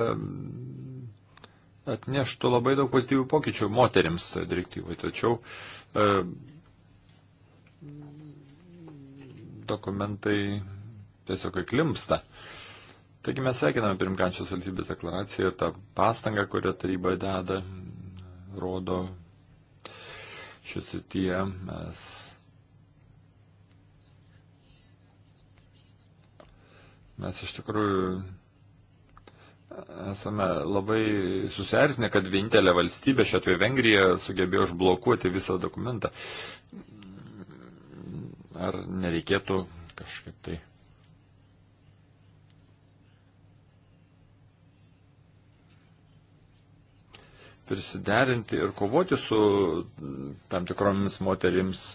atneštų labai daug pozityvių pokyčių moteriams direktyvai. Tačiau e, dokumentai tiesiog įklimpsta. Taigi mes sveikiname pirmkančios valstybės deklaraciją, tą pastangą, kurią taryba deda, rodo šios įtie mes Mes iš tikrųjų esame labai susierzinę, kad vienintelė valstybė, šiuo atveju Vengrija, sugebėjo užblokuoti visą dokumentą. Ar nereikėtų kažkaip tai prisiderinti ir kovoti su tam tikromis moterims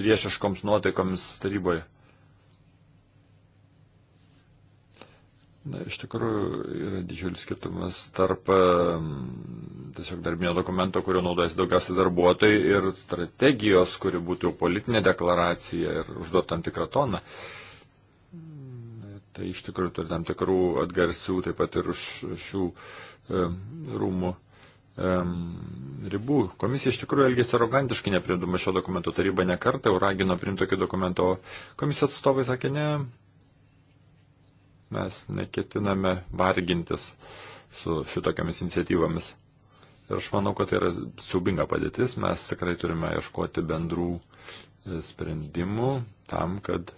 priešiškoms nuotaikoms taryboje. Na, iš tikrųjų yra didžiulis skirtumas tarp tiesiog darbinio dokumento, kurio naudojasi daugiausiai darbuotojai, ir strategijos, kuri būtų jau politinė deklaracija ir užduot tam tikrą toną. Tai iš tikrųjų turi tam tikrų atgarsių taip pat ir už šių rūmų ribų. Komisija iš tikrųjų elgėsi arogantiškai neprimdama šio dokumento. Taryba nekartą jau ragino primti tokį dokumentą, o komisijos atstovai sakė, ne, Mes neketiname vargintis su šitokiamis iniciatyvomis. Ir aš manau, kad tai yra siubinga padėtis. Mes tikrai turime ieškoti bendrų e, sprendimų tam, kad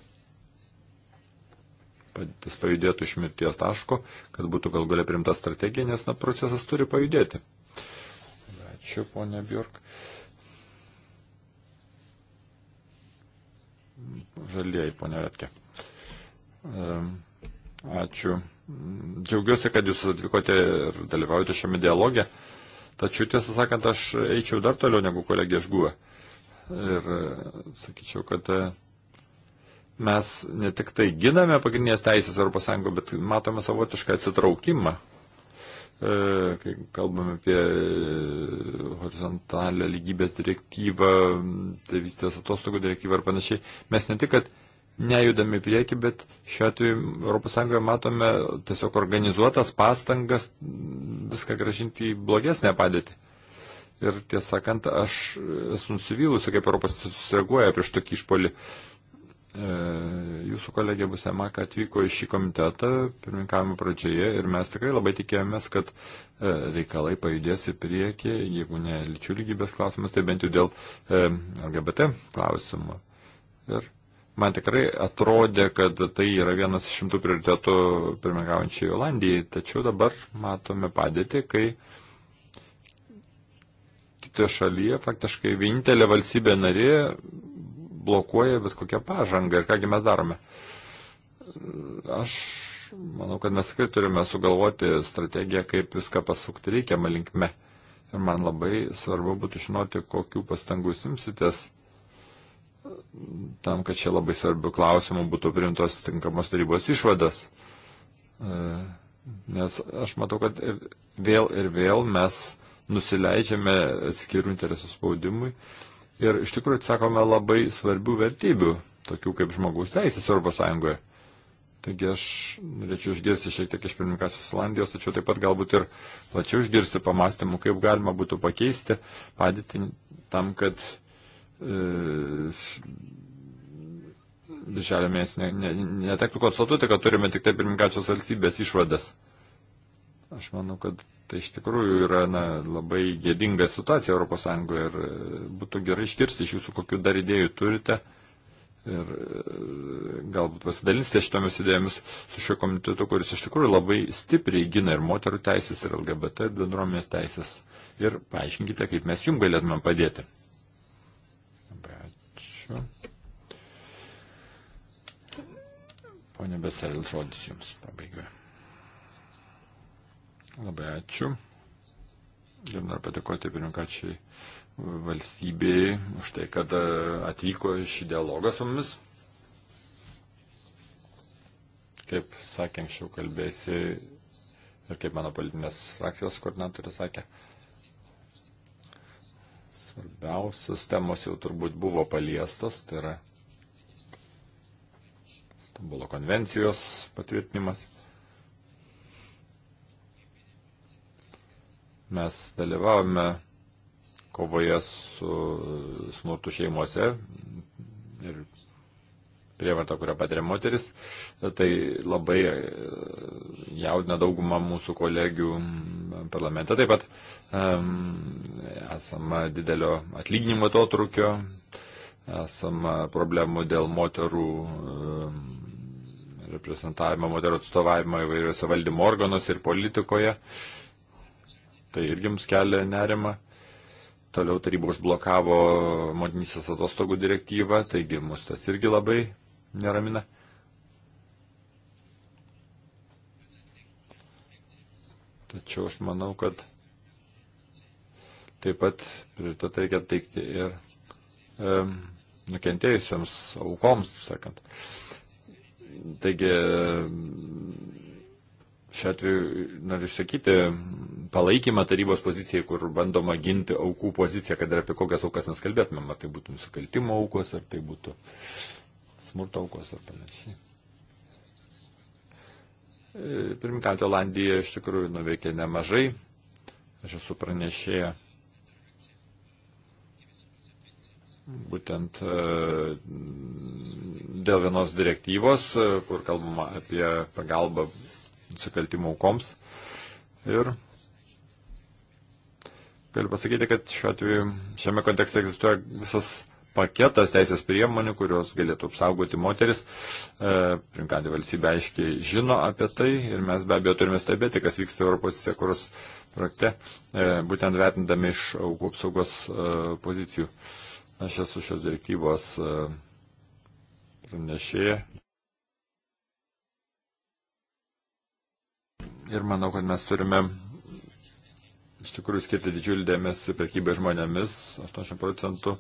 padėtis pajudėtų iš mirties taško, kad būtų gal galia primta strategija, nes na, procesas turi pajudėti. Ačiū, ponia Bjork. Žalieji, ponia Retke. Um. Ačiū. Džiaugiuosi, kad jūs atvykote ir dalyvaujate šiame dialoge. Tačiau tiesą sakant, aš eičiau dar toliau negu kolegė Žguva. Ir e, sakyčiau, kad e, mes ne tik tai giname pagrindinės teisės Europos Sąjungo, bet matome savotišką atsitraukimą, e, kai kalbame apie horizontalę lygybės direktyvą, tėvystės atostogų direktyvą ir panašiai. Mes ne tik, kad nejudami prieki, bet šiuo atveju ES matome tiesiog organizuotas pastangas viską gražinti į blogesnę padėtį. Ir tiesą sakant, aš esu nusivylusi, kaip Europos susireaguoja prieš tokį išpolį. E, jūsų kolegė Busemaka atvyko į šį komitetą pirmininkavimo pradžioje ir mes tikrai labai tikėjomės, kad e, reikalai pajudės į priekį, jeigu ne lyčių lygybės klausimas, tai bent jau dėl e, LGBT klausimų. Ir Man tikrai atrodė, kad tai yra vienas iš šimtų prioritetų pirmininkaujančiai Olandijai, tačiau dabar matome padėtį, kai kitoje šalyje faktiškai vienintelė valstybė narė blokuoja bet kokią pažangą. Ir kągi mes darome? Aš manau, kad mes tikrai turime sugalvoti strategiją, kaip viską pasukti reikiamą linkme. Ir man labai svarbu būtų žinoti, kokių pastangų simsitės tam, kad čia labai svarbių klausimų būtų priimtos tinkamos tarybos išvadas. E, nes aš matau, kad ir vėl ir vėl mes nusileidžiame atskirų interesų spaudimui ir iš tikrųjų atsakome labai svarbių vertybių, tokių kaip žmogaus teisės Europos Sąjungoje. Taigi aš norėčiau išgirsti šiek tiek iš pirmininkasios Olandijos, tačiau taip pat galbūt ir plačiau išgirsti pamastymų, kaip galima būtų pakeisti padėtį tam, kad E, birželio mėnesį netektų ne, ne, ne konstatuoti, kad turime tik tai pirmininkačios valstybės išvadas. Aš manau, kad tai iš tikrųjų yra na, labai gėdinga situacija ES ir e, būtų gerai iškirsti iš jūsų, kokiu dar idėjų turite ir e, galbūt pasidalinsite šitomis idėjomis su šiuo komitetu, kuris iš tikrųjų labai stipriai gina ir moterų teisės, ir LGBT bendruomenės teisės. Ir paaiškinkite, kaip mes jums galėtumėm padėti prasme. Pone Besaril, žodis Jums pabaigoje. Labai ačiū. Ir noriu patikoti pirmkačiai valstybei už tai, kad e, atvyko šį dialogą su mumis. Kaip sakė anksčiau kalbėsi ir kaip mano politinės frakcijos koordinatorius sakė, uh, Svarbiausios temos jau turbūt buvo paliestos, tai yra Stambulo konvencijos patvirtinimas. Mes dalyvavome kovoje su smurtu šeimuose ir prievartą, kurią patiria moteris. Tai labai e, jaudina daugumą mūsų kolegių parlamente. Taip pat um, esama didelio atlyginimo atotrukio, esama problemų dėl moterų. Um, reprezentavimo, moterų atstovavimo įvairiuose valdymo organuose ir politikoje. Tai irgi jums kelia nerima. Toliau taryba užblokavo motinysės atostogų direktyvą, taigi mus tas irgi labai neramina. Tačiau aš manau, kad taip pat prioritetą reikia teikti ir e, nukentėjusiams aukoms, taip sakant. Taigi, šiuo atveju noriu išsakyti palaikymą tarybos pozicijai, kur bandoma ginti aukų poziciją, kad ir apie kokias aukas mes kalbėtumėm, ar tai būtų nusikaltimo aukos, ar tai būtų uh, smurto aukos ir panašiai. E, Pirminkantė Olandija iš tikrųjų nuveikė nemažai. Aš esu pranešėję būtent e, dėl vienos direktyvos, e, kur kalbama apie pagalbą nusikaltimų aukoms. Ir galiu pasakyti, kad šiuo atveju šiame kontekste egzistuoja visas paketas teisės priemonių, kurios galėtų apsaugoti moteris. Prinkantį e, valstybę aiškiai žino apie tai ir mes be abejo turime stebėti, kas vyksta Europos sekuros projekte, e, būtent vertindami iš aukų apsaugos e, pozicijų. Aš esu šios direktyvos pranešėja. Ir manau, kad mes turime iš tikrųjų skirti didžiulį dėmesį prekybai žmonėmis, 80 procentų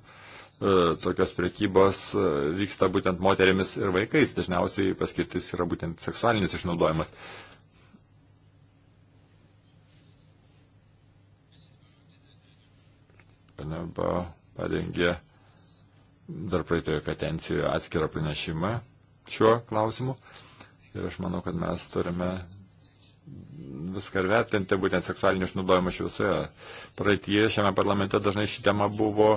E, tokios priekybos e, vyksta būtent moterėmis ir vaikais. Dažniausiai paskirtis yra būtent seksualinis išnaudojimas. Paneba parengė dar praeitoje kadencijoje atskirą pranešimą šiuo klausimu. Ir aš manau, kad mes turime viską ir vertinti, būtent seksualinį išnaudojimą iš visoje. Praeitie šiame parlamente dažnai ši tema buvo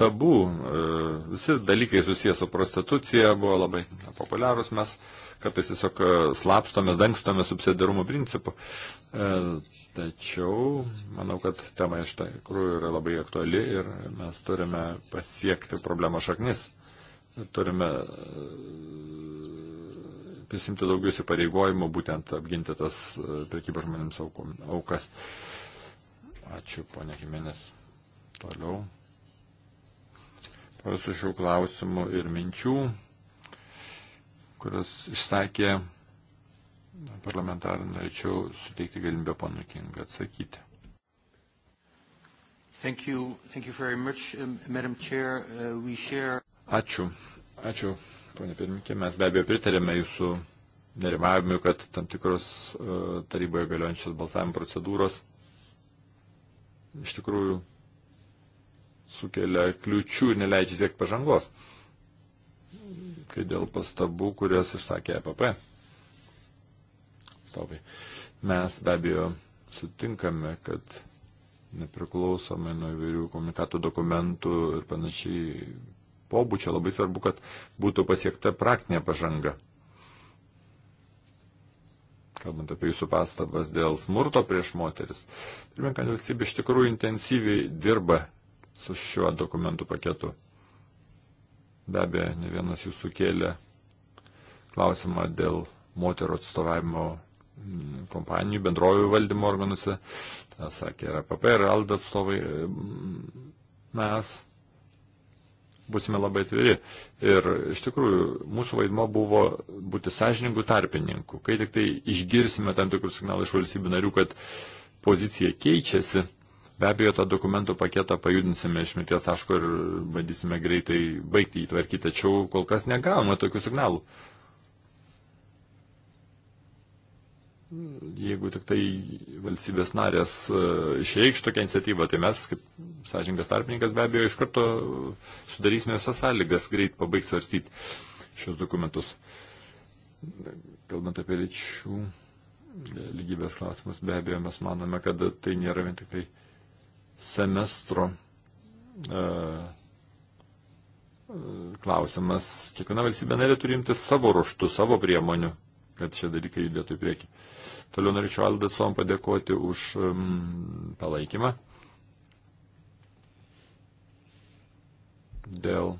tabu. E, visi dalykai susijęs su prostitucija buvo labai populiarūs mes, kartais tiesiog e, slapstomės, dangstomės subsidarumo principu. E, tačiau manau, kad tema iš tikrųjų yra labai aktuali ir mes turime pasiekti problemo šaknis. Turime prisimti daugiau įsipareigojimų, būtent apginti tas e, prekybos žmonėms aukas. Ačiū, ponė Jimenės. Toliau. Po visų šių klausimų ir minčių, kurias išsakė parlamentarai, norėčiau suteikti galimybę ponui Kinga atsakyti. Thank you. Thank you very much, um, Madam Chair. Uh, we share... Ačiū. Ačiū, Pone pirmininkė, mes be abejo pritarėme jūsų nerimavimui, kad tam tikros e, taryboje galiojančios balsavimo procedūros iš tikrųjų sukelia kliučių ir neleidžia siekti pažangos. Kai dėl pastabų, kurias išsakė EPP. Stovai. Mes be abejo sutinkame, kad nepriklausomai nuo įvairių komunikatų dokumentų ir panašiai pobūčio, labai svarbu, kad būtų pasiekta praktinė pažanga. Kalbant apie jūsų pastabas dėl smurto prieš moteris, pirmininkai valstybė iš tikrųjų intensyviai dirba su šiuo dokumentų paketu. Be abejo, ne vienas jūsų kėlė klausimą dėl moterų atstovavimo mm, kompanijų, bendrovių valdymo organuose. Ta sakė, yra PP ir Alda atstovai. Mm, mes būsime labai atviri. Ir iš tikrųjų, mūsų vaidmo buvo būti sąžiningų tarpininkų. Kai tik tai išgirsime tam tikrus signalus iš valstybių narių, kad pozicija keičiasi, be abejo, tą dokumentų paketą pajudinsime iš mirties taško ir bandysime greitai baigti įtvarkyti. Tačiau kol kas negavome tokių signalų. jeigu tik tai valstybės narės e, išreikš tokią iniciatyvą, tai mes, kaip sąžingas tarpininkas, be abejo, iš karto sudarysime visas sąlygas greit pabaigti svarstyti šios dokumentus. Kalbant apie lyčių e, lygybės klausimus, be abejo, mes manome, kad tai nėra vien tik tai semestro uh, klausimas. Kiekviena valstybė narė turi imti savo ruštų, savo priemonių, kad šie dalykai judėtų į priekį. Uh, Toliau norėčiau Albertson padėkoti už um, palaikymą dėl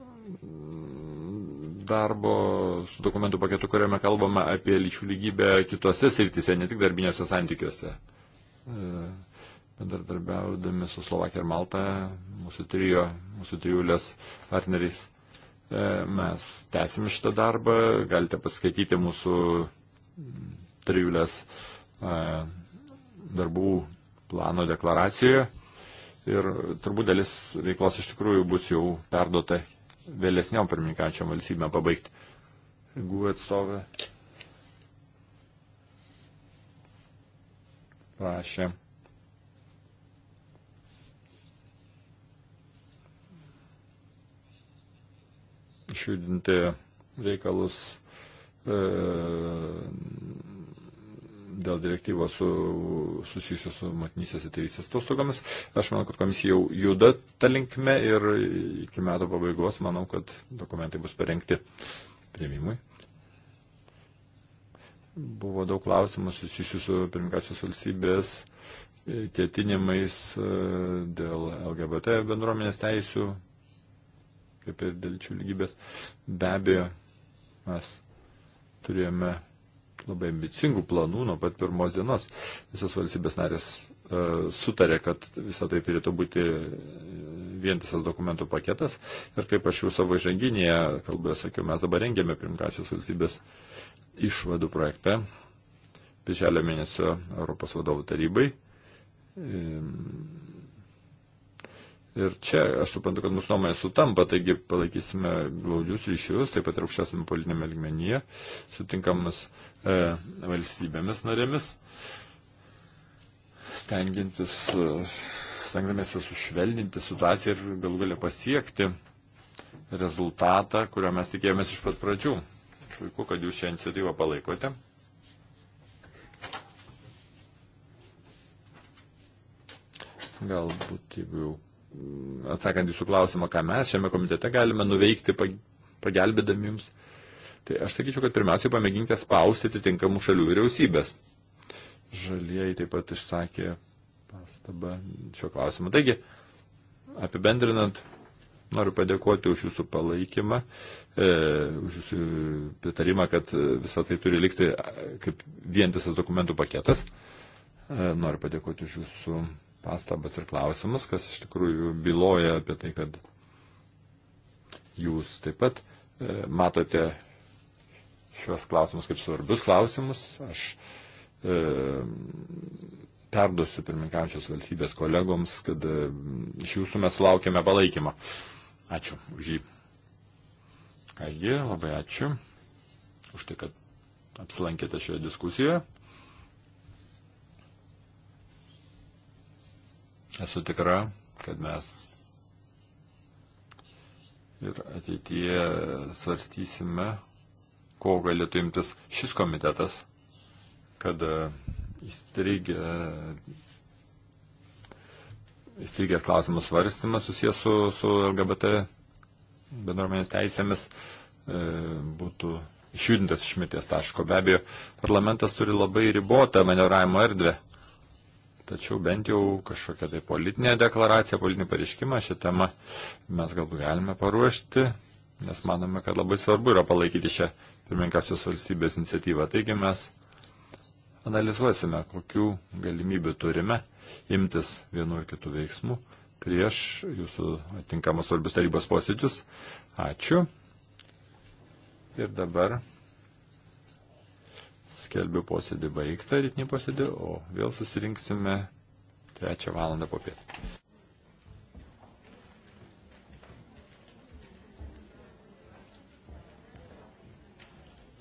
mm, darbo su dokumentų paketu, kuriame kalbame apie lyčių lygybę kitose srityse, ne tik darbinėse santykiuose. E, bendradarbiaudami su Slovakija ir Malta, mūsų trijo, mūsų trijulės partneriais, E, mes tęsim šitą darbą, galite paskaityti mūsų trijulės e, darbų plano deklaracijoje ir turbūt dalis veiklos iš tikrųjų bus jau perduota vėlesniam pirmininkačiam valstybėm pabaigti. Jeigu atstovė prašė išjudinti reikalus e, dėl direktyvos su, susijusios su motinysės ir tėvysės atostogomis. Aš manau, kad komisija jau juda tą linkme ir iki metų pabaigos manau, kad dokumentai bus parengti prieimimui. Buvo daug klausimų susijusių su pirmikačios valstybės e, ketinimais e, dėl LGBT bendruomenės teisių kaip ir dėl lyčių lygybės. Be abejo, mes turėjome labai ambicingų planų nuo pat pirmos dienos. Visos valstybės narės e, sutarė, kad visą tai turėtų būti e, vientisas dokumentų paketas. Ir kaip aš jau savo žanginėje kalbėję sakiau, mes dabar rengėme primkačios valstybės išvadų projektą. Pišelio mėnesio Europos vadovų tarybai. E, Ir čia aš suprantu, kad mūsų nuomonė sutampa, taigi palaikysime glaudžius ryšius, taip pat ir aukščiausiame politinėme ligmenyje, sutinkamas e, valstybėmis narėmis, stengiantis, e, stengdamėsi sušvelninti situaciją ir galų galia pasiekti rezultatą, kurio mes tikėjomės iš pat pradžių. Puiku, kad jūs šią iniciatyvą palaikote. Galbūt, jeigu jau atsakant jūsų klausimą, ką mes šiame komitete galime nuveikti, pagelbėdami jums, tai aš sakyčiau, kad pirmiausiai pamėginkite spausti atitinkamų šalių vyriausybės. Žalieji taip pat išsakė pastabą šio klausimu. Taigi, apibendrinant, noriu padėkoti už jūsų palaikymą, e, už jūsų pritarimą, kad visą tai turi likti kaip vientisas dokumentų paketas. E, noriu padėkoti už jūsų pastabas ir klausimus, kas iš tikrųjų byloja apie tai, kad jūs taip pat e, matote šiuos klausimus kaip svarbius klausimus. Aš e, perduosiu pirmininkančios valstybės kolegoms, kad e, iš jūsų mes laukiame palaikymą. Ačiū už jį. Kągi, labai ačiū už tai, kad apsilankėte šioje diskusijoje. Esu tikra, kad mes ir ateityje svarstysime, ko galėtų imtis šis komitetas, kad e, įstrigė įstrigęs klausimas svarstymas susijęs su, su LGBT bendruomenės teisėmis e, būtų išjudintas iš mirties taško. Be abejo, parlamentas turi labai ribotą manevravimo erdvę. Tačiau bent jau kažkokią tai politinę deklaraciją, politinį pareiškimą šią temą mes galbūt galime paruošti, nes manome, kad labai svarbu yra palaikyti šią pirmininkačios valstybės iniciatyvą. Taigi mes analizuosime, kokių galimybių turime imtis vienu ar kitų veiksmų prieš jūsų atinkamus svarbius tarybos posėdžius. Ačiū. Ir dabar skelbiu posėdį baigtą, rytinį posėdį, o vėl susirinksime trečią valandą po pietų.